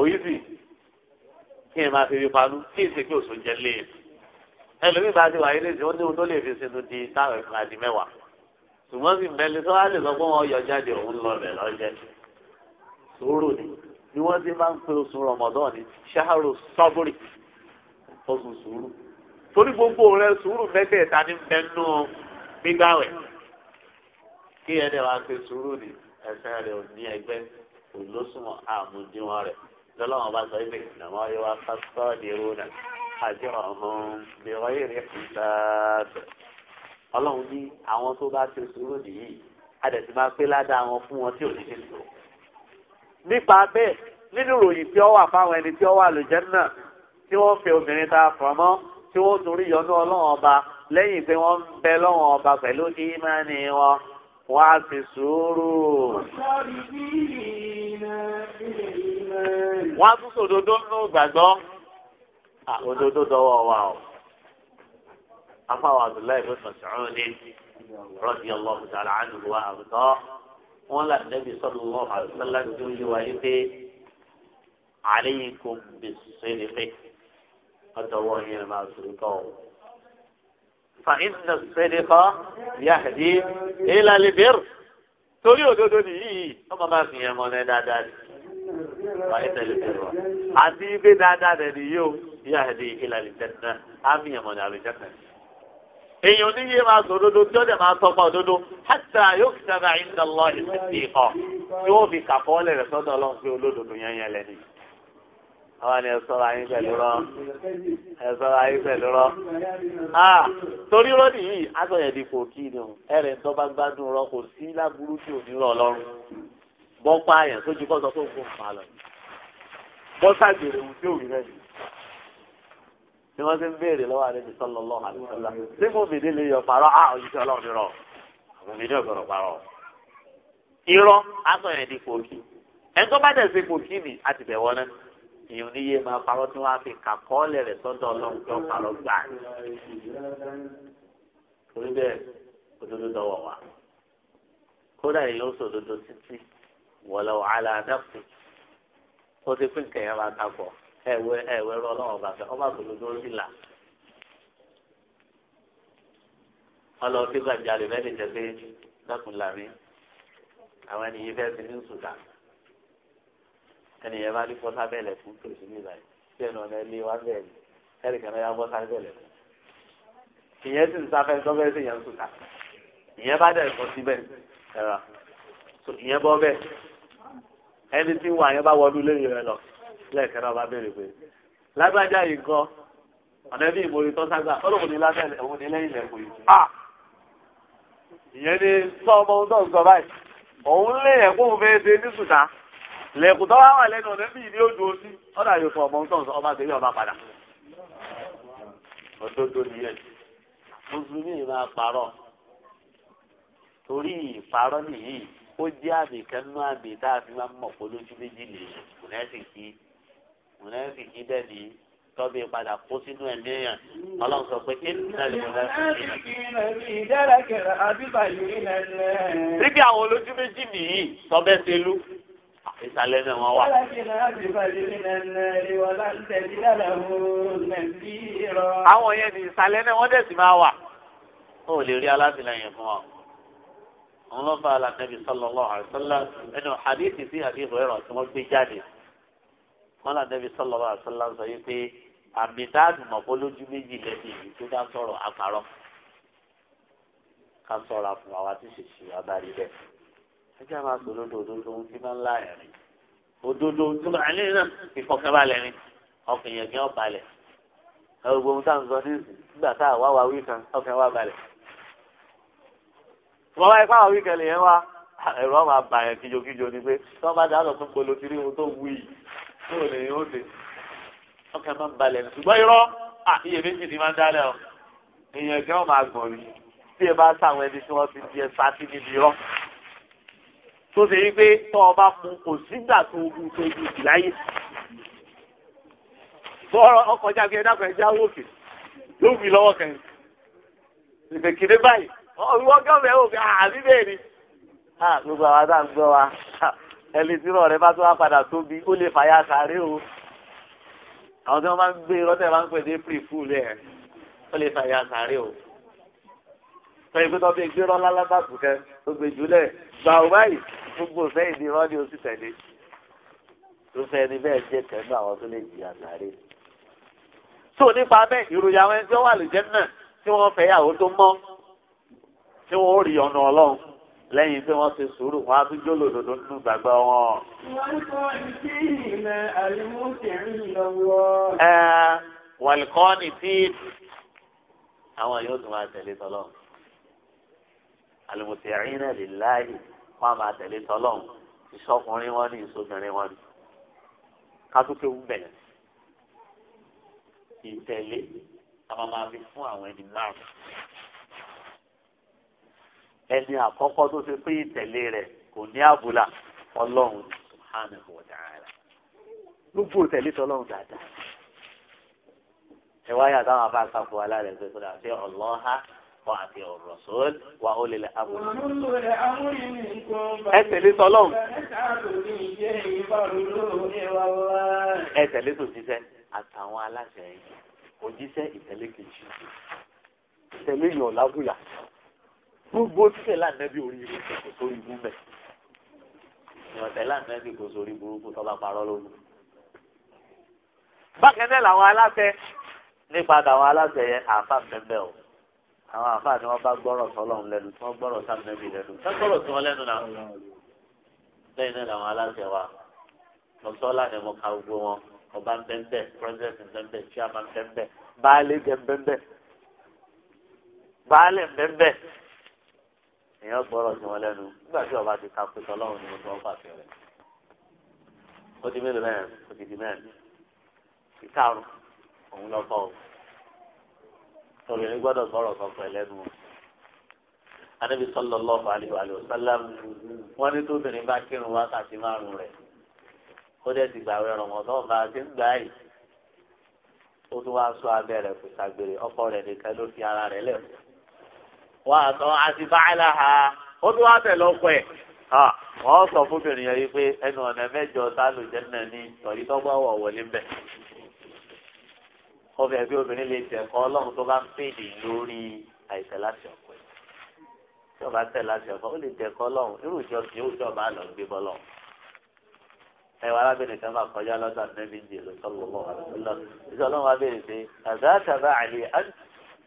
òyìnbí kí ẹ máa fi rí panú kí èsì pé òṣòjẹ lé e ẹlòmíì bá ti wà yín lẹ́sìn ó ní ohun tó lè fi sinú di táwọn ẹ̀ka di mẹ́wàá ṣùgbọ́n sì mẹ́lẹ́ tó wá lè sọ pé wọ́n yọ jáde òun lọ rẹ̀ lọ́jẹ́ sòrò ni ni wọ́n ti máa ń pe oṣù rọmọdán ni ṣáàrò sọ́bùrì oṣù sùúrù torí gbogbo rẹ sùúrù mẹ́tẹ̀ẹ̀ta ní mẹ́nu gbígbàwẹ̀ kí ẹni wàá pe sùúrù ni ẹsẹ̀ rẹ̀ ò ní ẹgbẹ́ kò lóṣùwọ̀n àmúdíwọ̀n rẹ̀ lọ́lọ́wọ́n bá sọ ibi ìdààmú ayé wa ká sọ́ọ̀dì ewu àjọhún bẹ̀rọ èrè ìbáàbẹ̀. ọlọ́run àwọn tó bá ti sùúrù nìyí adẹ̀sí máa pé ládàá wọn fún wọn tí ò ní ṣe sùn. nípa bẹ́ẹ̀ nínú ìròyìn tí ó wà fáwọn ẹni tí ó wà lójẹ́ náà tí wọ́n fẹ́ obìnrin ta fọ̀mọ́ tí wọ́n torí yọnú ọlọ́run ọba lẹ́yìn pé wọ́n bẹ lọ́run ọba pẹ̀lú ìmánì wọn wọ́n á fi sùúrù. wọ́n á tún sòdodo nínú ìgbàgbọ́ òdodo dọwọ́ wa o afáwọn abdullahi bin masoud rọdí allahu ta'ala anhu wa abudọ wọn là nẹbi sọlọ wọn àlùfẹlẹ tó yí wa yí pé aleikum bisirri ọdọwọ yẹn máa sòrótọ o. فإن الصدق يهدي إلى البر torí òdodo nìyí ọmọ bá fi yẹn mọ ní dáadáa ni wàá tẹlẹ tẹlẹ wa àti ibi dáadáa rẹ nìyí o yahdi ila al-jannah àmì ẹ̀mọ́ ní al-jannah. èèyàn oníyé máa sọ òdodo tí ó dẹ̀ máa tọ́pa òdodo hatta yuktaba inda Allah as-siddiqa tí wọ́n fi kàkọ́ọ́lẹ̀ rẹ̀ sọ́dọ̀ ọlọ́run pé olódodo yẹn yẹn lẹ́nu àwọn ni ẹsọra yín pẹ̀lú rọ ẹsọra yín pẹ̀lú rọ ah torí rọdì yìí asọyẹdì kò kí ni o ẹrẹ ń tọ́ba gbádùn rọ kò sí láburú tí ò ní rọ lọ́rùn bọ́ pààyàn sójú kọ́ sọ pé òun kò lọ bọ́ sàgbèrè òun tí ò rí rẹ̀ yìí tí wọ́n ti ń béèrè lọ́wọ́ àdébí sọ́lọ́ lọ́wọ́ àdébí tí mo bìdí lè yọ pàrọ̀ á ah, òjijì ọlọ́run ní rọ mo bìdí ọ̀gọ̀rọ̀ pàrọ̀. irọ́ aṣọ yẹn di kòkì ẹni tó bá dẹ̀ ṣe kòkì ni a ti bẹ̀ wọ́n náà èèyàn níye máa parọ́ tí wọ́n á fi kàkọ́ọ́lẹ̀ rẹ̀ sọ́dọ̀ ọlọ́run tó parọ́ gbà. torí bẹ́ẹ̀ òdodo dọ̀wọ̀ wá ẹ̀wẹ̀ ẹ̀wẹ̀ rọ ọlọ́run bàbá ọba tó lójú orí là ọlọ́run tí gbàjà lè mẹ́rin jẹ́ pé dákun làmí àwọn ènìyàn fẹ́ sinmi ń sùdà ẹnìyàn bá rí bọ́sá bẹ́ẹ̀lẹ̀ fún tòṣì ní ìbàyẹ̀ tí ẹnu ọ̀nà ilé wa bẹ́ẹ̀ ni ẹnì kan náà yá bọ́sá bẹ́ẹ̀lẹ̀ fún ìyẹn sì ń sáfẹ́ sọ́fẹ́ sí ìyẹn sùdà ìyẹn bá dẹ̀ kọ́ síbẹ̀ ẹ̀rọ ìyẹn bọ́ bẹ́ẹ̀ ẹni tí ń wà yẹn bá wọnú lẹ́yìn lẹ́ẹ̀kẹ́ náà bá bẹ̀rẹ̀ pé lágbájá yìí kọ́ ọ̀nà bí ìmòrì tó ságbà olóògùn ní lábẹ́lẹ̀ òun ní lẹ́yìn lẹ́kùn yìí. ìyẹn ni sọ ọmọ ohun tó ń sọ báyìí òun lé ẹ̀kún fẹ́ ṣe ní sùtá lẹ́kùn tó wá wà lẹ́nu ọ̀nà bí ìdí ojú oṣù ọ̀dà yóò fọ ọmọ ohun tó ń sọ ọba torí ìparọ́ nìyí ó jẹ́ àmì kan àmì tá a fi máa mọ̀ pé lójú méjì lè kùnẹ́sì kí mùnàfíkì dẹ̀ ní tọ́bi padà kó sínú ẹ̀mí èèyàn ọlọ́run sọ pé kí ni ìdálẹ́ mùnàfíkì. síbi àwọn olójú méjì nìyí tọ́bẹ̀ ṣe lú ìsàlẹ̀ náà wọ́n wà. àwọn yẹn ní ìsàlẹ̀ náà wọ́n dẹ̀ sì máa wà. ó lè rí alátìlẹyìn fún ọ. àwọn ló fa alànàbì sallallahu alaihi wasallam ẹnu hadith sí àbí ìrọ̀ ẹ̀rọ tí wọ́n gbé jáde wọn là nẹbi sọlọ bá sọlá sọ yìí pé àmì dáàbò mọ̀kó lójú méjì lẹ́bi ìlú tó dá sọ̀rọ̀ àpárọ̀ ká sọ̀rọ̀ àfún àwa tí ṣèṣì adarí rẹ̀ ẹjẹ́ máa sọ lódò òdodo ohun tí máa ń láàyè rìn òdodo tó máa ní náà ìfọ̀kànbalẹ̀ rìn ọkàn yẹn gbé ọ̀balẹ̀ gbogbo ohun tá à ń sọ nígbà tá àwa wà wí kan ọkàn wa balẹ̀ wọ́n wáyé fáwọn wí kan lè yẹn wá ẹ̀rọ máa bàyàn kíjokíjo ni pé tí wọ́n bá dáná tó polo kiri ohun tó wù kó lè yóò dé ọkàn máa ń balẹ̀ ṣùgbọ́n irọ́ à iye méjì ni máa ń dálẹ̀ o èèyàn ẹ̀gẹ́ wọn máa gbọ̀n rí tí ẹ bá sáwọn ẹni tí wọ́n ti di ẹ sáà sí níbi irọ́ tó ṣe yí pé tọ́ ọ bá mu kò sígbà tó o mú tó o jù láyé bọ́ọ̀rọ̀ ọkọ̀ jáde ẹ̀dá kan ẹ̀já wòkè ló wì lọ́wọ́ kan ìbèkìdé báyìí ọ̀rùn ọgọ́rùn gbọ́ ẹni tí rọrẹ bá tún wá padà tóbi ó lè fàyà sàárè o àwọn tí wọn bá ń gbé rọtẹ máa ń pè ní pre full ẹ ó lè fàyà sàárè o sọyìn pé tọ́bí gbé rọ́lá lábàbù kẹ tó gbé jùlẹ̀ gbà ó báyìí gbogbo sẹ́yìn ní rọ́ọ̀dì oṣù tẹ̀lé tó fẹ́ ni bẹ́ẹ̀ jẹ́ kẹ́nu àwọn tó lè jìyà sàárè. tó nípa bẹ́ẹ̀ ìròyìn àwọn ẹni tí wọ́n wà lè jẹ́ náà tí wọ́n fẹ́ yàwó tó mọ́ tí wọ́n ó rí ọ̀nà ọlọ́run lẹ́yìn tí wọ́n ti sùúrù wọn á tún jólò lòdò nínú gbàgbọ́ wọn. wọ́n tí àwọn yóò tún máa tẹ̀lé tọ́lọ́ àlùmùtẹ̀rín náà lè láàyè wọ́n á máa tẹ̀lé tọ́lọ́ ìṣọkùnrin wọn ní ìṣobìnrin wọn ní kátókè ń bẹ̀rẹ̀ ìtẹ̀lé àwọn máa fi fún àwọn ẹni márùn ẹni àkọ́kọ́ tó ṣe pé ìtẹ̀lé rẹ̀ kò ní àbúlà ọlọ́run subhanahu wa ta'ala gbogbo ìtẹ̀lé tọ́lọ́run dáadáa ẹ wáyà táwọn afá àkàfọ alárẹ̀ ṣe sọ́dọ̀ àti ọlọ́ha wa àti ọ̀rọ̀sọ́l wa ó lè lè àbúrò. ẹ tẹ̀lé tọ́lọ́run. ẹ tẹ̀lé tòjíṣẹ́ àtàwọn aláṣẹ yìí òjíṣẹ́ ìtẹ̀lé kejì ìtẹ̀lé yàn lábùlà gbogbo títẹ̀ lánàbí orí ibú kò sórí ibú mẹ́ ìrọ̀tẹ̀ lánàbí kò sórí burúkú tọ́ba parọ́ lóru. bákan náà làwọn aláṣẹ nípa tàwọn aláṣẹ yẹn àáfà mẹ́mẹ́ o àwọn àáfà ni wọ́n bá gbọ́rọ̀ sọ́lọ́run lẹ́nu tí wọ́n gbọ́rọ̀ sàmẹ́bí lẹ́nu tí wọ́n gbọ́rọ̀ sí wọn lẹ́nu náà lẹ́yìn náà làwọn aláṣẹ wa lọ́sọ́lá ni mo ka ọba ń president ń chairman ń bẹ́ńbẹ́ baálé ń bẹ́ńbẹ́ baálé èèyàn gbọ́rọ̀ sí wọn lẹ́nu nígbà tí ọba ti takò sọ lọ́wọ́ ni mo tọ́ pàṣẹ rẹ̀ ó di mélòó mẹ́rin ó ti di mẹ́rin ìkarùn òun lọ kọ́ ọ obìnrin gbọ́dọ̀ gbọ́rọ̀ kan pẹ̀lẹ́ nu Ànábì sallallahu alaihi wa sallam wọn ní tóbìnrin bá kírun wákàtí márùn rẹ̀ ó dẹ̀ ti gbàwé Ramadan bá a ti ń gbà yìí ó tún wá sọ abẹ́ rẹ̀ kò ṣàgbèrè ọkọ rẹ̀ nìkan ló fi ara rẹ̀ lẹ̀ wà á sọ àti báyìí ha ó tún wá tẹ̀ lọ́pọ̀ ẹ̀ wọ́n sọ fúnbìnrin yẹn wípé ẹnu ọ̀nà mẹ́jọ sálò jẹ́nà ní sọ̀rí tọ́gbà wọ̀ wọlé ń bẹ̀. ọbẹ̀ bí obìnrin lè tẹ̀ kọ́ ọlọ́run tó bá ń pèdè lórí àìsẹ̀ láti ọ̀pọ̀ ẹ̀. tí ọba tẹ̀ láti ọ̀pọ̀ ó lè tẹ̀ kọ́ ọlọ́run irú ìjọ kì í ó jọba àlọ́ ń gbé bọ́ lọ́run. ẹ wà arábìnrin kan máa kọjá lọ́dọ̀ nẹ́bí ń jèrè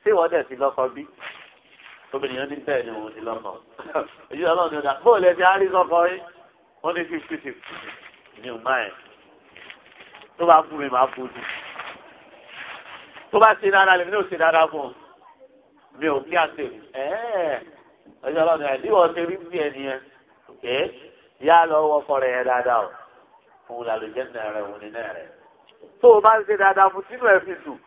sọ́lọ́ọ̀ tóbìnrin yẹn ní bẹ́ẹ̀ ni òun ti lọ́kọ̀ èyí ọlọ́run ni ọ̀dà bóòlù ẹ̀dí á rí lọ́kọ̀ rí wọ́n ní fífi tì ní ọ̀ma ẹ̀ tó bá fún mi máa fún mi tó bá ṣe dáadáa lèmi ní ò ṣe dáadáa fún un mi ò kí àṣẹ mi ẹ̀ẹ́ ọjọ́ ọlọ́run ẹ̀ bí wọ́n ṣe rí bí ẹni yẹn ké yá lọ wọkọ rẹ̀ yẹn dáadáa o òun là lójẹ́ nà rẹ̀ òun ní nà rẹ̀ tó o bá ń ṣe dáadáa fún sínú ẹ̀ fi sùn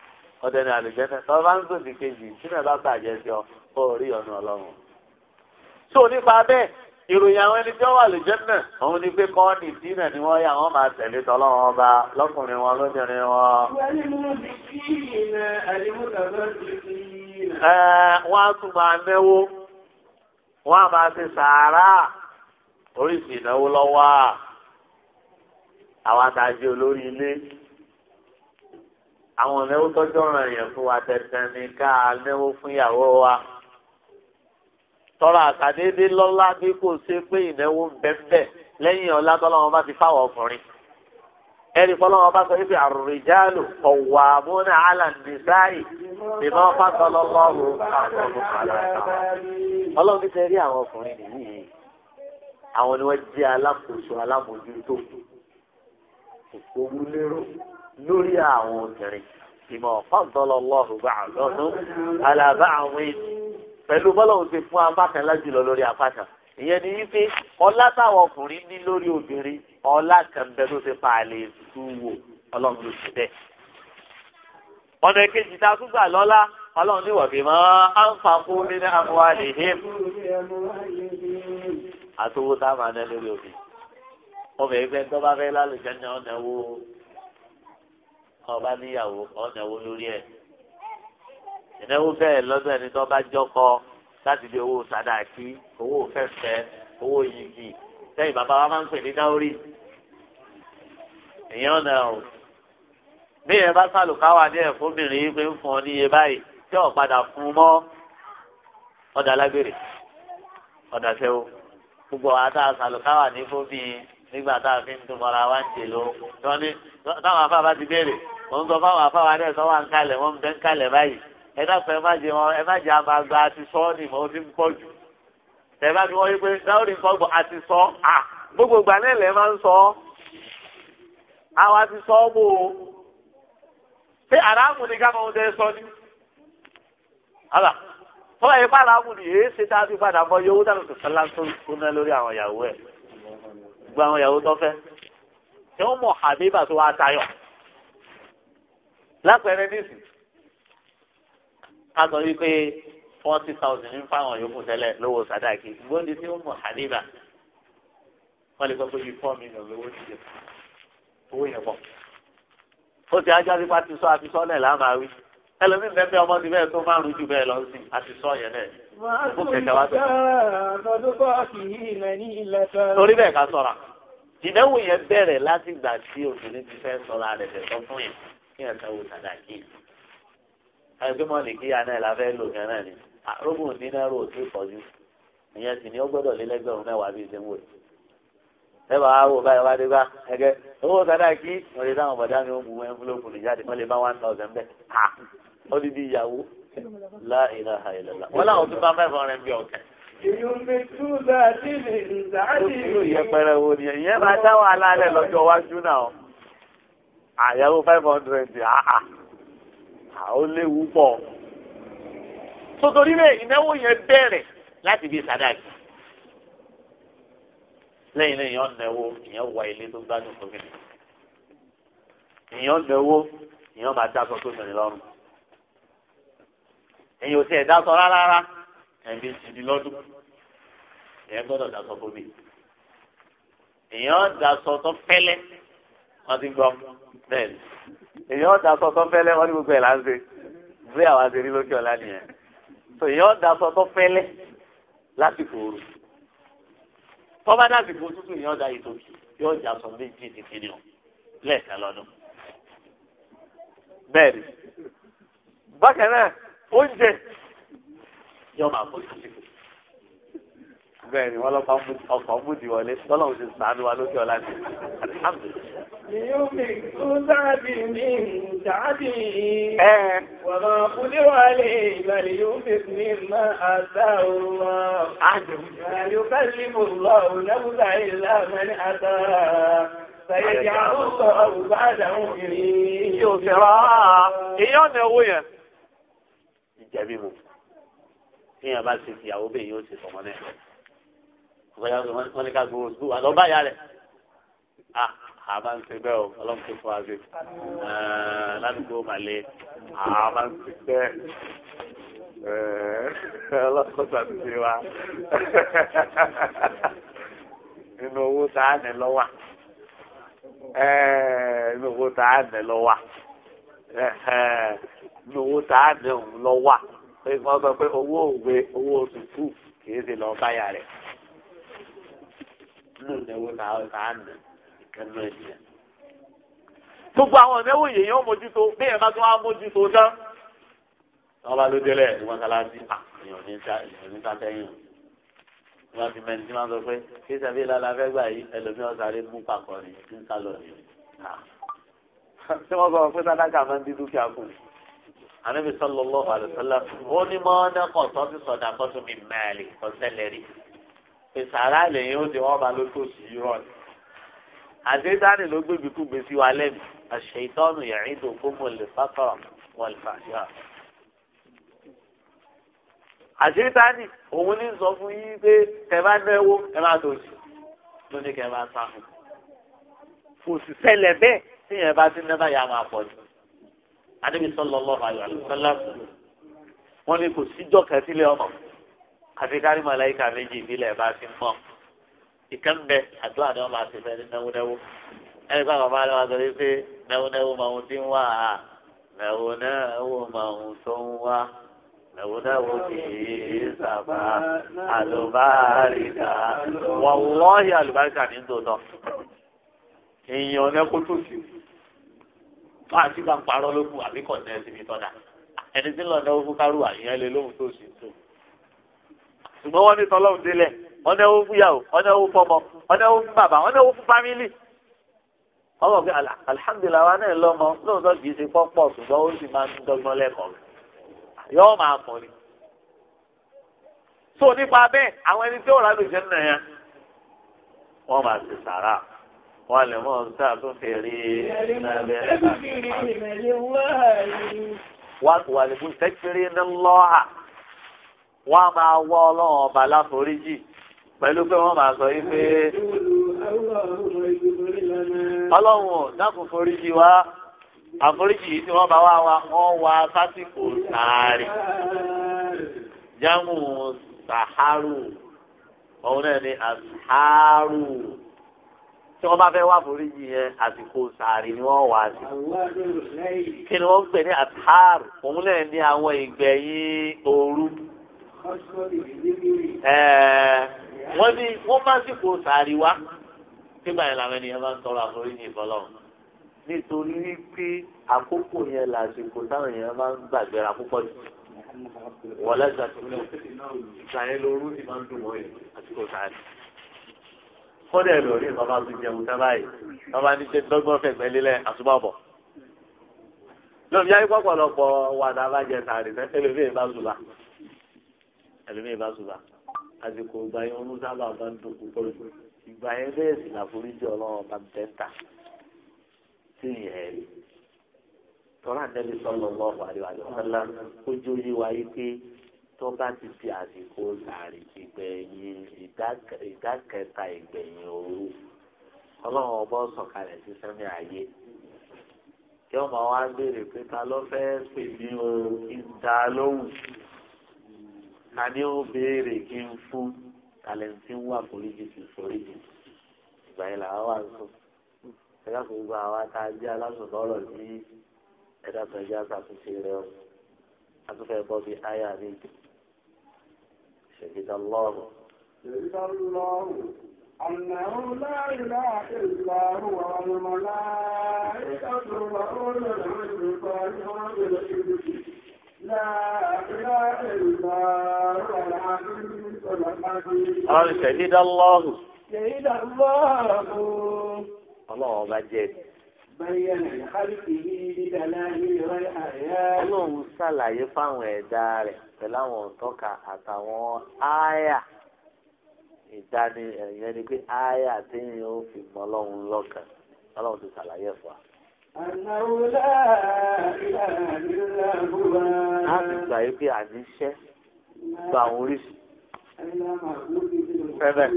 ọ̀dẹ̀ ní àlùjẹ́ nà tó o bá ń sòdì kejì sínú ẹ̀ bá bàjẹ́ sí ọ ó rí ọ̀nà ọlọ́run. tó nípa bẹ́ẹ̀ ìròyìn àwọn ẹni tí wọ́n wà lójẹ́ náà òun ni pé kọ́ ní ìdínà ni wọ́n yà wọ́n máa tẹ̀lé tọ́lọ́wọ́n ọba lọ́kùnrin wọn lóbìnrin wọn. wọ́n á tún máa náwó wọ́n á máa ṣe sàárà oríṣi ìnáwó lọ́wọ́ àwọn àtàjẹ olórí ilé àwọn ọ̀nà ẹ̀wọ́ tọ́jú ọ̀ràn yẹn fún wa tẹ̀tẹ̀ ní ká náwó fún ìyàwó wa tọrọ àtàdédé lọ́lá bí kò ṣe pé ìnáwó ń bẹ́ẹ̀ lẹ́yìn ọ̀la tọ́lọ́wọ́n bá ti fáwọn ọkùnrin ẹni fọlọ́wọ́ bá sọ wípé àrùrìjálù ọ̀wà múnà alàǹdìsáì ìmọ̀ ọ̀fà sọlọ́lọ́rù ọlọ́run ti fẹ́ rí àwọn ọkùnrin nìyí àwọn ni wọ́n jẹ́ alákòóso alábòójútó òwúlérò lórí àwọn obìnrin ìmọ̀ ọ̀fà bá àlọ́dún alábá pẹ̀lú bọ́lọ́hùn ṣe fún apá kan lájùlọ lórí apá kan ìyẹn ni wípé ọlá táwọn ọkùnrin ní lórí obìnrin ọlá kan bẹ tó ṣe pààlè túwò ọlọ́run ló ṣe bẹ́ẹ̀. ọ̀nà kejì tá a tún gbà lọ́lá ọlọ́run ní wọ̀bí mọ́ àǹfààkú nínú àmúwá lè hé tá a máa ná lórí obì ọbẹ̀ ìfẹ́ tó bá fẹ́ lálùjẹ́ ní ọ̀nà wo ọba níyàwó ọ̀nà wo lórí ẹ̀ ìnáwó bẹ́ẹ̀ lọ́dọ̀ ẹni tó bá jọ́kọ láti di owó sàdáàkì owó fẹ́fẹ́ owó yìgì sẹ́yìn bàbá wa máa ń pè ní dáórì èèyàn náà o bí ẹ bá sàlùkáwà ní ẹ̀fọ́bìnrin yìí pé ń fún ọ ní iye báyìí tí ò padà fún mọ́ ọ̀dà alágbèrè ọ̀dà sẹ́wọ́ gbogbo àwọn tá a sàlùkáwà ní fóbi nígbà tá a fi ń túmọ̀ra wá ń jè ló tí wọ́n ní táwọn afáwa ti béèrè òun sọ fáwọn afáwa náà sọ wá ń kalẹ̀ wọ́n ń bẹ́ ń kalẹ̀ báyìí ẹ dákun má jẹ wọn ẹ jẹ àmàgbà àti sọ ni mo ti ń pọ̀ fi wọn yí pé dáwọ́rì nǹkan gbọ́ àti sọ à gbogbo ìgbà náà lẹ́ máa ń sọ àwọn àti sọ mú o ṣé àràmù ni káwọn ọdẹ sọ ni àlà tọ́lá yìí pàràmù ni èé ṣe tá a fi padà bọ yowó dànù tó sọlá tó ná lórí àwọn ìyàwó ẹ̀ gbogbo àwọn ìyàwó tó fẹ́ ṣé wọ́n mọ̀ àbíbà tó wá tayọ̀ lápẹẹrẹ nísìnyí ká sọ wípé forty thousand ń fáwọn yòókù tẹ́lẹ̀ lówó sàdáàkì gbóndì tí ó mọ̀ hàníbà wọ́n lè gbọ́ pé bíi four million lówó ti jẹ owó yẹn pọ̀. ó ti ajá nípa ti sọ àti sọ́ọ̀nẹ̀ láàmà wí ẹlòmíì ń bẹ́ẹ̀ ọmọ ti bẹ́ẹ̀ tó máa ń rújú bẹ́ẹ̀ lọ sí àti sọ́ọ̀ yẹn náà. fún kẹ̀kẹ́ wá tó. torí bẹ́ẹ̀ ká sọ̀ra ìdánwò yẹn bẹ̀rẹ̀ láti gbà tí obìnrin ti fẹ́ sọ̀ra ẹgbẹ́ mọ́lì kíyà náà la fẹ́ lò gan náà ni àrùbù nínú ẹrù ò tí ì pọ̀jù ìyẹn sì ni ó gbọ́dọ̀ lé lẹ́gbẹ̀rún mẹ́wàá bíi ṣe ń wò ẹ bá wò báyìí wá dé bá ẹgẹ owó sádà kí wọ́n lè dáhùn bọ̀dá mi ó bu ẹnfúlóòpù lè jáde wọ́n lè bá one thousand bẹ́ẹ̀ ha ó di bí ìyàwó láìlà àìlọ́lá wọ́n láwọn tún bá five hundred bí ọ̀kẹ́. ìyọ̀nbí tún bá a ti lè dáàdì. ó wo ó léwu pọ̀ sotori bẹ́ẹ̀ ìnáwó yẹn bẹ̀rẹ̀ láti bí sàdáàkì lẹ́yìn náà èèyàn náwó èèyàn wá ilé tó gbádùn fún mi èèyàn náwó èèyàn máa dáṣọ tó mẹ́rin lọ́rùn èèyàn ò tiẹ̀ dáṣọ rárá rárá ẹ̀mí ìdí lọ́dún èèyàn gbọ́dọ̀ dáṣọ fún mi èèyàn dáṣọ tó fẹ́lẹ́ wọ́n ti gbọ́ bẹ́ẹ̀ èyàn ọ̀dà sọ́sọ́ fẹ́lẹ́ wọ́n ní gbogbo ẹ̀ là ń ṣe bí àwa ṣe rí lókè ọ̀la nìyẹn tó èyàn ọ̀dà sọ́sọ́ fẹ́lẹ́ lásìkò ooru tọ́ba dásìkò tútù èyàn ọ̀dà ètò yóò jà sọ méjì tìkìrì ọ̀ lẹ́ẹ̀kan lọ́dún bẹ́ẹ̀ ni bákan náà oúnjẹ yóò máa bọ̀ lásìkò bẹ́ẹ̀ ni wọ́n lọ́pàá ọkọ̀ múdi wọlé tọ́lọ́hùn Wọ̀rọ̀ kúlíwálé ìbàlẹ̀ yóò fi ní máa àtàrùn wọn. Àjọ̀. Ìbàlẹ̀ bá lè mọ̀ lọ́wọ́ lẹ́gbùdà ìlànà ní àtàrà. Sàyẹ̀dì àwọn ọ̀rọ̀ bá dàrún ìrìn. Yóò fẹ́ rà á. Èyí ọ̀nà owó ti àwọn obìnrin yóò ti sọmọ náà. Wọ́n ní ká gbowó sùkúù àtọ́ báyà rẹ̀. Ah, àbá ń bẹ́ẹ̀ o ọlọ́run tó fún wa ládùúgbò màlẹ́ àbá ń bẹ́ẹ̀ ọlọ́run tó ṣe wa nínú owó tá a nẹ lọ́wọ́ nínú owó tá a nẹ lọ́wọ́ nínú owó tá a nẹ òun pé wọ́n sọ pé owó òwe owó sùkúù kì í ṣe lọ́ọ́ báyà rẹ̀ nínú ìnáwó tá a nẹ kẹnu ẹ̀jẹ̀. gbogbo àwọn ọ̀nẹ́wò yèèyàn mójútó bẹ́ẹ̀ bá tún wá mójútó tán. wọ́n bá ló délẹ̀ ìwọ́n kala sí èèyàn ní sátẹ́yìn wọ́n ti tí wọ́n sọ pé kí sẹ́bí ìlànà fẹ́ yìí ẹlòmíràn sáré mú pàkọ́ ni sálọ ni. tí wọ́n sọ pé sádàkà máa ń dín dúkìá kù ni. Ànábì sallallahu alaihi ó ní mọ́ọ́dá kọ̀ tó ti sọ̀dà kọ́ tó mi mẹ́ẹ̀lì kọ́ sẹ́lẹ̀ rí. ìsàrà lẹ́yìn ó ti wọ́n bá ló tó sí irọ́ ni àṣetáni ló gbé bíkú gbé sí wa lẹ́nu àṣeyìtọ́nù yẹ̀rìn tó gbogbo lè fàtọ̀ wọ́n lè fàṣà. àṣetáni òun ní sọ fún yín pé kẹ bá náwó ẹ bá tó jù ló ní kẹ bá sá fún. kò sì ṣẹlẹ̀ bẹ́ẹ̀ tí yẹn bá ti nẹ́bà yà máa pọ̀ jù. adébí sọlọ lọ́wọ́ ayọ̀ àlùfẹ́lá wọn ni kò síjọ́ kẹsílẹ̀ ọmọ àti màláìka méjì ìbílẹ̀ bá ti mọ̀ ìkan bẹ àdúrà ni wọn máa ṣe fẹẹ náwónáwó ẹnì kan bàbá rẹ wá sọ wípé náwónáwó máa ń tí ń wá a náwónáwó máa ń tó ń wá náwónáwó kì í sábà àlùbáríkà wàlúwọ́ọ̀hì àlùbáríkà ní tòótọ́ èèyàn ọ̀nẹ́kótó sí fún àti bá ń parọ́ lókun àbíkọ̀ ní ẹsìn ìtọ́jà ẹni tí ń lọ náwó kárùwà ìyẹn lè lóhun tó sì ń tó ṣùgbọ́n wọ́n ní tọ́lọ́hún ọ̀nà owó fún yàwó ọ̀nà owó fọmọ ọ̀nà owó fún bàbá ọ̀nà owó fún fámìlì. ọmọ pé alihamdulilayi wa náà lọmọ lóòótọ́ kì í ṣe pọ́pọ́ ṣùgbọ́n ó sì máa ń dọ́gbọ́n lẹ́kọ̀ọ́ yọ́ọ́ máa pọ̀ ni. so nípa bẹ́ẹ̀ àwọn ẹni tí ó rà lóṣẹ́ nínú yẹn wọ́n máa ti sàrà wọ́n lè mọ̀ ń sàtúnfẹ́ rí wàlúwàlú sẹ́kìrì ní wọ́n máa wọ́ ọlọ́run ọba láforíjì pẹ̀lú pé wọ́n máa sọ yìí pé ọlọ́run dákun foríjì wá àforíjì yìí tí wọ́n bá wá wa wọ́n wá sásìkò sàárì jámù sàhárù òun náà ni àsàárù tí wọ́n bá fẹ́ wá foríjì yẹn àsìkò sàárì ni wọ́n wá sí kí ni wọ́n pè ní àsàárù òun náà ni àwọn ìgbẹ̀yìn òru wọ́n ní wọ́n bá sìkò sàárì wá nígbà yẹn làwọn ènìyàn bá ń tọrọ àforíjì fọlọ́run nítorí wípé àkókò yẹn làsìkò táwọn èèyàn bá ń gbàgbéra púpọ̀ jù wọ́n lẹ́sà tó lọ ìgbà yẹn lóru ti máa ń dùn wọ́n yẹn àsìkò sàárì kọ́dẹ̀ lórí bàbá tó jẹun tẹ́ báyìí bàbá ní ṣe dọ́gbọ́n fẹ̀gbẹ́ lílẹ̀ àtúbọ̀bọ̀ lóòmí ayé pọ̀pọ̀lọpọ̀ wà dábàjẹ́ sàárì fẹ́ ẹlòmíì bá zùbà ẹlòmíì bá zùbà àsìkò ìgbà yẹn wọn sábà bá ń dùn púpọ̀ lójú ìgbà yẹn bẹ́ẹ̀ sì làforíjì ọlọ́run bá bẹ́ẹ̀ ta sí ìyẹn rí tọ́lá nẹ́bí sọ́lọ́ lọ́wọ́ àríwá ọ̀la ojú yí wa yí pé tó bá ti di àsìkò sàárì ìgbẹ̀yìn ìdá kẹta ìgbẹ̀yìn òru ọlọ́run ọba sọ̀kalẹ̀ sí sẹ́mi ayé yọ́ọ̀ máa wá béèrè pé ta ló fẹ́ pè mí o kí lóhùn ta ni ó béèrè kí n fún talẹ̀ntì wà foríjì sí foríjì ìgbà yẹn làwọn wà ń sùn ẹ̀dá kò gba àwa tá a jẹ́ alásùnmọ́ ọ̀rọ̀ sí ẹ̀dá tó ẹ̀jẹ̀ àtàkùnṣe rẹ̀ ọ́ àtúfẹ́ bọ́ bí aya mi ṣèkìtà lọ́ọ̀rù. ṣèkìtà lọ́ọ̀rù àmọ́ láìlá ìlà àwọn ọmọ láìka tó wà ó lọ́ọ̀rù ìgbà yẹn wọ́n bẹ̀rẹ̀ ìdí ọlọ́run ṣẹ̀dídá lọ́ọ̀hùn. ṣẹ̀dídá lọ́ọ̀hùn. ọlọ́run ọba jẹ́ Ọlọ́run ṣàlàyé fáwọn ẹ̀dá rẹ̀ pẹ̀lú àwọn ọ̀tọ́ka àtàwọn áyà ìdáni ẹ̀yẹn ni pé áyà tí yóò fi mọ́ lọ́kàn. Ọlọ́run ti ṣàlàyé fún a ti gbà yí pé àníṣẹ́ gba àwọn oríṣi fẹ́mẹ̀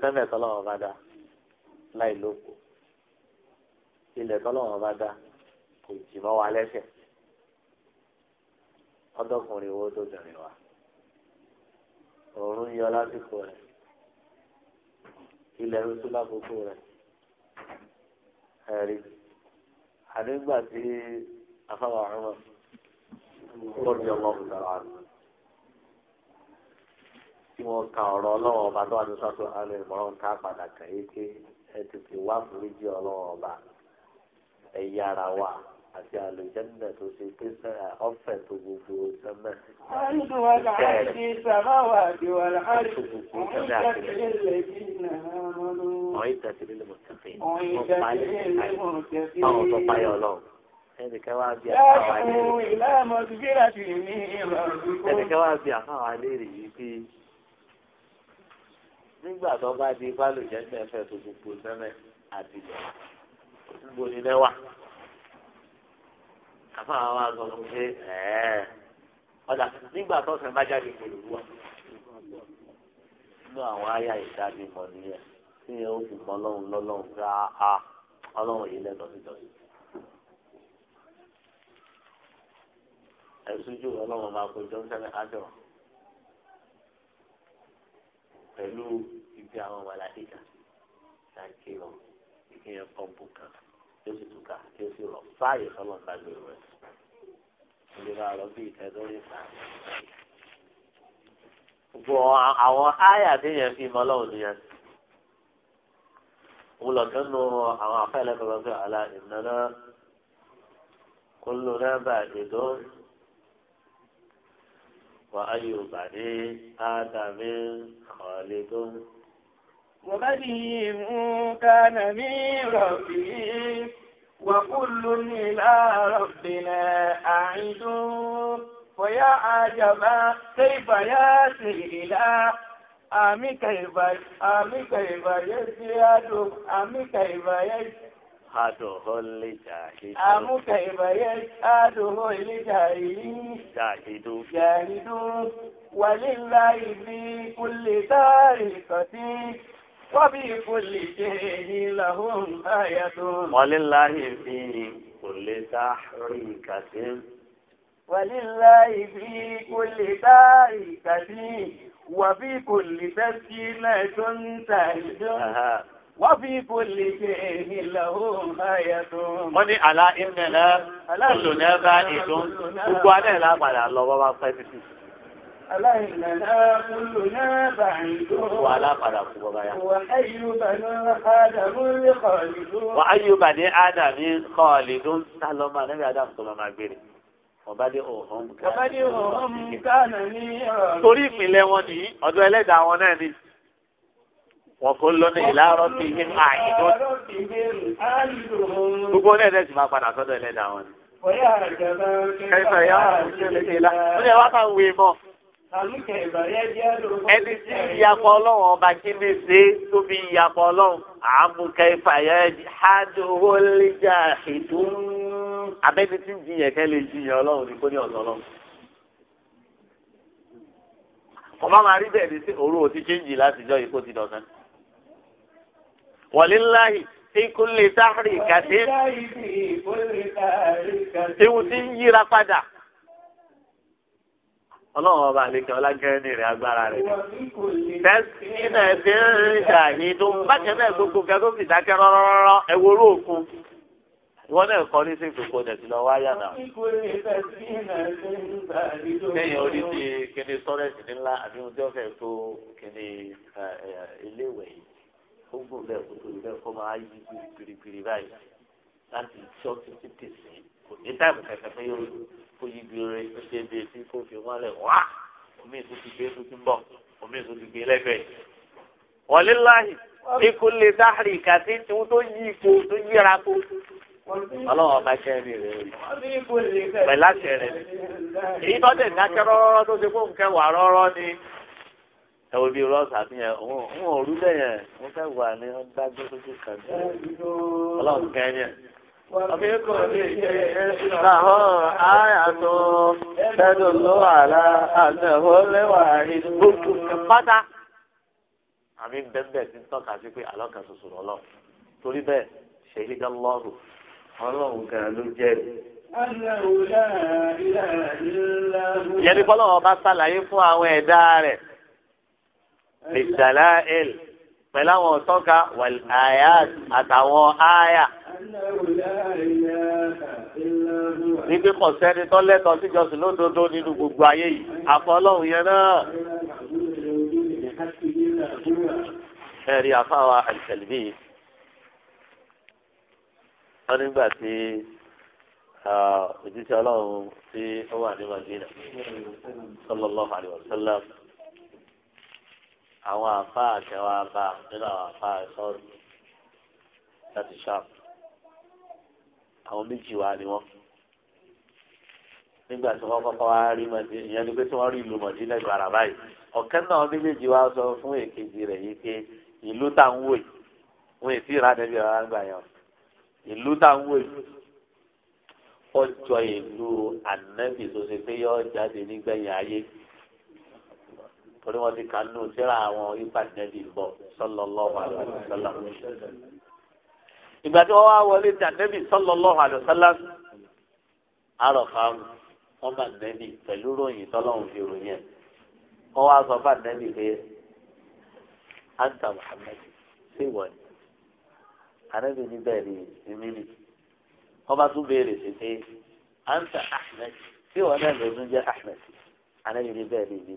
fẹ́mẹ̀ tọ́lọ́wọ́n bá dá láì lóko ilẹ̀ tọ́lọ́wọ́n bá dá kò jì mọ́ wa lẹ́sẹ̀ ọdọkùnrin wo tó dẹ̀rìn wa òórùn yọ lásìkò rẹ̀ ilẹ̀ rúṣú lákòókò rẹ̀. ẹ̀rí àdégbà tí afáwà ọmọ kó ọmọ òkúta wà tí wọ́n ka ọba tó wà ní ká padà fún ọba àti àlùjẹ́ndà tó ṣe pé ọ̀fẹ́ tó gbogbo sọ́mà. Àìsùn wà láàárín sàmáwà àti wà láàárín ọ̀hún ìtàkìlẹ̀ bí nàá mọ́lú. Ọ̀hún ìtàkìlẹ̀ lè mọ̀ tẹ̀fẹ̀. Ọ̀hún ìtàkìlẹ̀ lè mọ̀ tẹ̀fẹ̀. Ọ̀hún tó payọ̀ ọlọ́run. Ẹnìkan wá bí àfáwà lérè. Ẹ̀sùn ìlàmọ̀ ti àfa àwọn àgbọn ṣe ẹ̀ẹ́ ọ̀dà nígbà tó sẹ̀ jáde kòlò wá nínú àwọn àyà ìdájọ́ mọ̀ nìyẹn tí yẹn ó fi mọ ọlọ́run lọ́lọ́run ká ọlọ́run yìí lẹ́nu ọ̀sìn tọ́sí. ẹ̀sùn jù ọlọ́run máa kó jọ́nsẹ́lẹ̀ ájọ́ pẹ̀lú ibi àwọn màlàíkà láti lọ ìkíyẹn pọ́ǹpù kan kí ó sì túkà kí ó sì rọ̀ fáàyè sọ́lọ́ lágbèrè rẹ̀ ìlera rọ̀ bí ìtẹ́dọ́rẹ́ fà á. àwọn áyà téèyàn fi mọ ọlọ́run nìyẹn mo lọ kí àwọn afẹ́lẹ́ kan lọ́sẹ̀ àlà ìnáná kó ló nẹ́bà èdò wà á yóò bà ní ádámì kọ̀ọ̀lẹ́dọ́n. وبديع كان من ربي وكل إلى ربنا أعيد فيا عجبا كيف يأتي إلى أمي كيف أمي كيف يزيد أمي كيف أدعو لجاهد أم كيف يجعله لجاهد جاهد جاهد ولله في كل طريقة Wọ́bí ìfòlì ṣe ìlàhùn ayàtò. Wàlíláyé fi kò lè dá rí ìkàsí. Wàlíláyé fi kò lè dá ìkàsí. Wàbí kò lè dá sí náà tó ń ta ìjọ. Wàbí kò lè ṣe ìlàhùn ayàtò. Wọ́n ní àlá ìmẹ̀lẹ́, kò lò ní ẹ bá ìdún. Gbogbo alẹ́ la padà lọ bá bá pẹ́ títí aláìlànà kúlù náà bàìdó. wà á lápadà kú bọ́ báyà. wà á yóò bà ní ádámù ní kọ́ọ̀lìdó. wà á yóò bà ní ádámù ní kọ́ọ̀lìdó sálọ́mà níbi ádámù tó máa gbére. ọ̀bádé ọ̀rọ̀. torí ìpínlẹ̀ wọn nìyí ọ̀dọ̀ ẹlẹ́dàá wọn náà ni wọ́n kó lọ́nà ìlàrọ̀ tí ìhìn àìdó. gbogbo náà ẹ̀dẹ̀ sì máa padà sọ́dọ̀ ẹlẹ́dàá wọn ni. kẹ́sàn-án ẹni tí ń yakọ ọlọ́run ọba kí ni ṣe tó fi ń yakọ ọlọ́run àmúkẹ́ ìfàyà adúhólíjà ìdú abẹ́ni tí ń jiyàn kẹ́ lè jiyàn ọlọ́run ní kó ní ọ̀dọ́ ọlọ́run. ọba máa rí bẹ́ẹ̀ ni sí òru ò ti ṣéǹjì látijọ́ yìí kó ti dọ̀tán. wọ̀líláhì tí kúnlẹ̀ táàrí kàdé. ìwù tí ń yíra padà ọlọ́run ọba àlekẹ́ ọlágẹ́rẹ́ni rẹ̀ agbára rẹ̀. tẹ́sí náà fi ń ṣàyídó bákan náà gbogbo kan tó fi dákẹ́ rọ́rọ́rọ́ ẹ wo orú òkun. ìwọ náà kọ́ ní sí ìkòkò nẹ̀sí lọ wáyà náà. lẹ́yìn orí ti kíni sọ́rẹ́sì ńlá àbí ohun tí wọ́n fẹ́ tó kíni iléèwẹ̀ yìí ó gbòòlẹ̀ kó tó lè kó máa yí gbìrìgbìrì báyìí láti ṣọ́ọ̀tì títì sí i. kò ní táìmù kẹ̀kẹ́ pé yóò kó yí bí orin ó ṣe bí etí kó fi wọ́n lẹ̀ wá omi èso ti gbé tuntun bọ̀ omi ti gbé lẹ́gbẹ̀ẹ́. láàyè lè dáhàrì kàtí tí wọ́n tó yí ipò tó yíra kó. bá ṣe ẹni rẹ̀ rẹ̀ èyí tó rọ́rọ́ tó ṣe fóun rọ́rọ́ ni ẹ wo bí òun وفيكم له آية تدل على أنه الواحد مبتع àmì bẹ́ẹ̀ ti ń tọ́ka sí pé àlọ́kà ṣoṣo lọ́lọ́ torí bẹ́ẹ̀ ṣèyí dá lọ́rù ọlọ́run kan ló jẹ́ ìyẹn ní kọ́lọ́wọ́ bá ṣàlàyé fún àwọn ẹ̀dá rẹ̀ lè dàlá pẹ̀lú àwọn ọ̀tọ́ka wàl àtàwọn àyà ní pé kò sẹ́ni tó lẹ́tọ̀ọ́ síjọsìn lódodo nínú gbogbo ayé yìí àfọlọ́hùn yẹn náà. ẹ̀rí àfáwa àìsẹ̀lẹ̀bí wọ́n nígbà tí òjíṣẹ́ ọlọ́run tí ó wà ní Madina sallallahu alaihi wasallam àwọn àfáà kẹwàá bá nínú àwọn àfáà sọ́ọ̀rù láti ṣáàpù àwọn méjì wa ni wọn nígbà tí wọn kọ́kọ́ wá rí mọdé ìyẹn ni pé tí wọn rí ìlú mọdé náà gbàrà báyìí ọkẹ náà méjèèjì wa sọ fún èkejì rẹ yìí pé ìlú tá ń wò yìí wọn èsì ìrànlẹbí ọ̀rọ̀ àgbà yẹn ìlú tá ń wò yìí ọjọ́ ìlú ànábì tó ṣe pé yọ jáde nígbẹ̀yìn ayé torí wọn ti kà síra àwọn ipa ìnẹbì bọ sallallahu alaihi wasallam ìgbà tí wọ́n wá wọlé tí ànẹ́bì sallallahu alaihi wasallam àròfà wọn bá nẹ́bì pẹ̀lú ròyìn tọ́lọ́hún fi ròyìn ẹ̀ wọ́n wá sọ fún ànẹ́bì pé anta Muhammad ṣé wọ̀ ni ànẹ́bì ní bẹ́ẹ̀ ni èmi ni wọ́n bá tún béèrè sí pé anta Ahmed ṣé wọ́n náà lè tún jẹ́ Ahmed ànẹ́bì ní bẹ́ẹ̀ ni èmi ni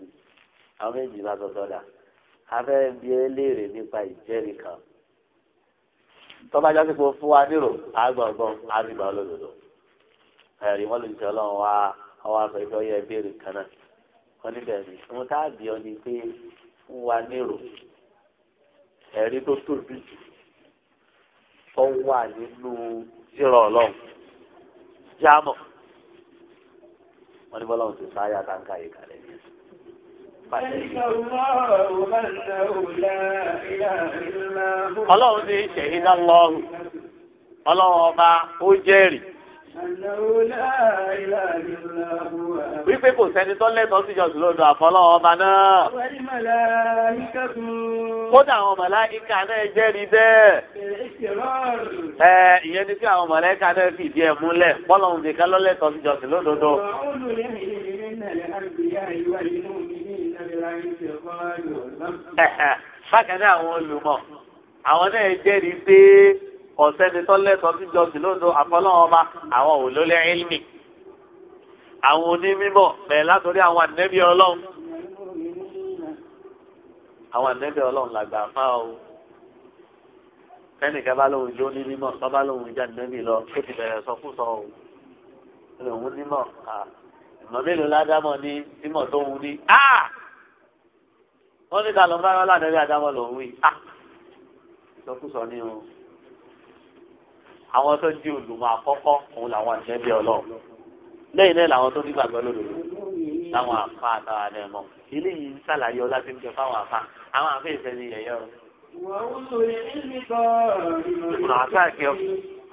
àwọn méjì bá tọ́ tọ́ da abẹ́ ẹ léèrè nípa ìjẹ́rìí kan tọ́ba jáde kó fún wa nírò àgbọ̀ngbọ̀n àbígbà olódodo ẹ̀rí wọ́n lè jọ lọ́wọ́ wa ọwọ́ aṣọ ìfẹ́ ọyẹ ìbéèrè kan náà wọ́n níbẹ̀ ni wọ́n tá àbí ọ ni pé fún wa nírò ẹ̀rí tó tóbi jù tó wà nínú ìrọ̀ ọlọ́run jámọ̀ wọ́n ní bọ́lá òun ti sáyà táǹkà yìí kalẹ̀ ní Ọlọ́run ní ṣẹ̀hídá lọ́rùn. Ọlọ́run ọba ó jẹ́rìí. Wípé kò sẹ́ni tó lẹ́tọ̀ọ́ sí ìjọsìn lọ́dọ̀ àfọlọ́run ọba náà. Kódà àwọn màláíkà náà jẹ́rìí bẹ́ẹ̀. Ẹ ìyẹn ni kí àwọn màláíkà náà fìdí ẹ̀ múlẹ̀. Bọ́lọ̀hún nìkan lọ́lẹ́tọ̀ọ́ sí ìjọsìn lódodo bákan náà àwọn olùmọ̀ àwọn náà jẹ́rìí pé ọ̀sẹ́ni tọ́lẹ́tọ̀ tí jọ́sìn lóńdó àfọlọ́wọn ọba àwọn ò lólé ilmi àwọn onímọ̀ bẹ̀rẹ̀ látòrí àwọn ànẹ́bí ọlọ́run àwọn ànẹ́bí ọlọ́run làgbà fá o fẹ́nìkan bá lóun jó ní mímọ̀ tó bá lóun já ànẹ́bí lọ tó ti bẹ̀rẹ̀ sọ fún sọ o lòun nímọ̀ ìmọ̀ mélòó ládámọ̀ ní mímọ̀ tó ń ní wọ́n ní kálọ̀ bá rọ́lá àdẹ́rẹ́ àdámọ́ lòún wí. Ah! ìsọkúsọ ni o àwọn tó di olùmọ̀ àkọ́kọ́ òun làwọn àjẹbí ọlọ́run lẹ́yìn náà làwọn tó nígbàgbọ́ lòdòdò láwọn àfa àtàwọn àdẹ mọ ilé yìí ń sàlàyé ọlá tí ń jẹ fáwọn àfa àwọn àfa ìfẹ́ ni yẹ̀yẹ́ o. àfa kí ọ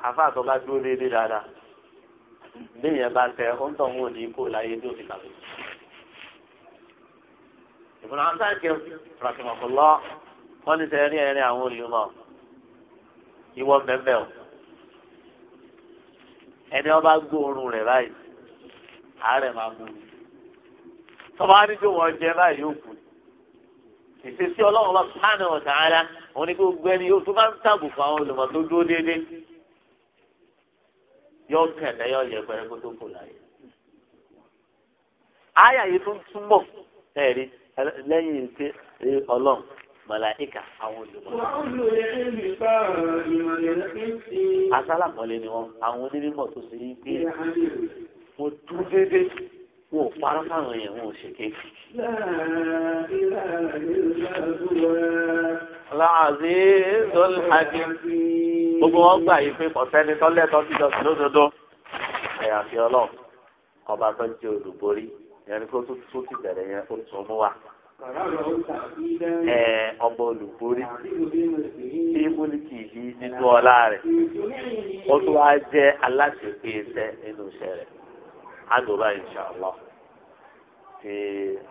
àfa àtọ bá dúró déédéé dáadáa lẹ́yìn ẹ bá tẹ ọ ń tọ̀ wọn ò ní kó láyé tó ti kàwé. ìbùnà àtàkì ràkìmọ̀kùlọ́ wọ́n ní sẹ́yìn ẹ̀rín àwọn olùmọ̀ ìwọ bẹ́ẹ̀ o ẹni ọba báyìí máa mú un wọn jẹ báyìí yóò kú ìṣesí ara òun ni kí gbogbo ẹni yóò tó bá ń tàbùkù àwọn olùmọ̀ tó dúró déédéé yóò kẹ̀lẹ́ yóò yẹ pẹ́rẹ́ kó tó láyé. túmọ̀ ẹ̀rí. lẹ́yìn tí ọlọ́run màláíkà àwọn olùmọ̀. asálàmọ́lé ni wọ́n àwọn onímọ̀ tó ṣe yí pé mo dúró déédéé wọn ò parọ́ fáwọn èèyàn wọn ò ṣe kéèkì. láàzí zol hakim gbogbo wọn gbà yìí pé ọ̀sẹ́ni tọ́lẹ̀ tọ́jú lọ́sọ̀dọ́dọ́ àyàfi ọlọ́run ọba tó ń jẹ́ olùborí yẹn ni kó tó ti bẹ̀rẹ̀ yẹn ó tún mú wa. ẹ ọmọ olùborí tí múlìkì yìí nínú ọlá rẹ̀ ó tún wá jẹ́ aláṣepé iṣẹ́ nínú iṣẹ́ rẹ̀ àgùnbá ìṣàlọ́ tí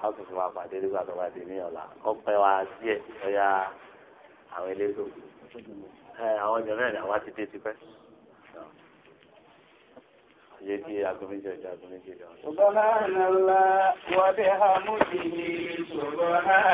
a tún fi máa pàdé nígbà tó bá di ní ọ̀la ọpẹ́ wa díẹ̀ ọ̀ya àwọn elétò àwọn jẹ̀mẹ́rin àwa ti dé tipẹ́ yé kí aago méjì ọjọ́ aago méjì ọjọ́. ṣùgbọ́n náà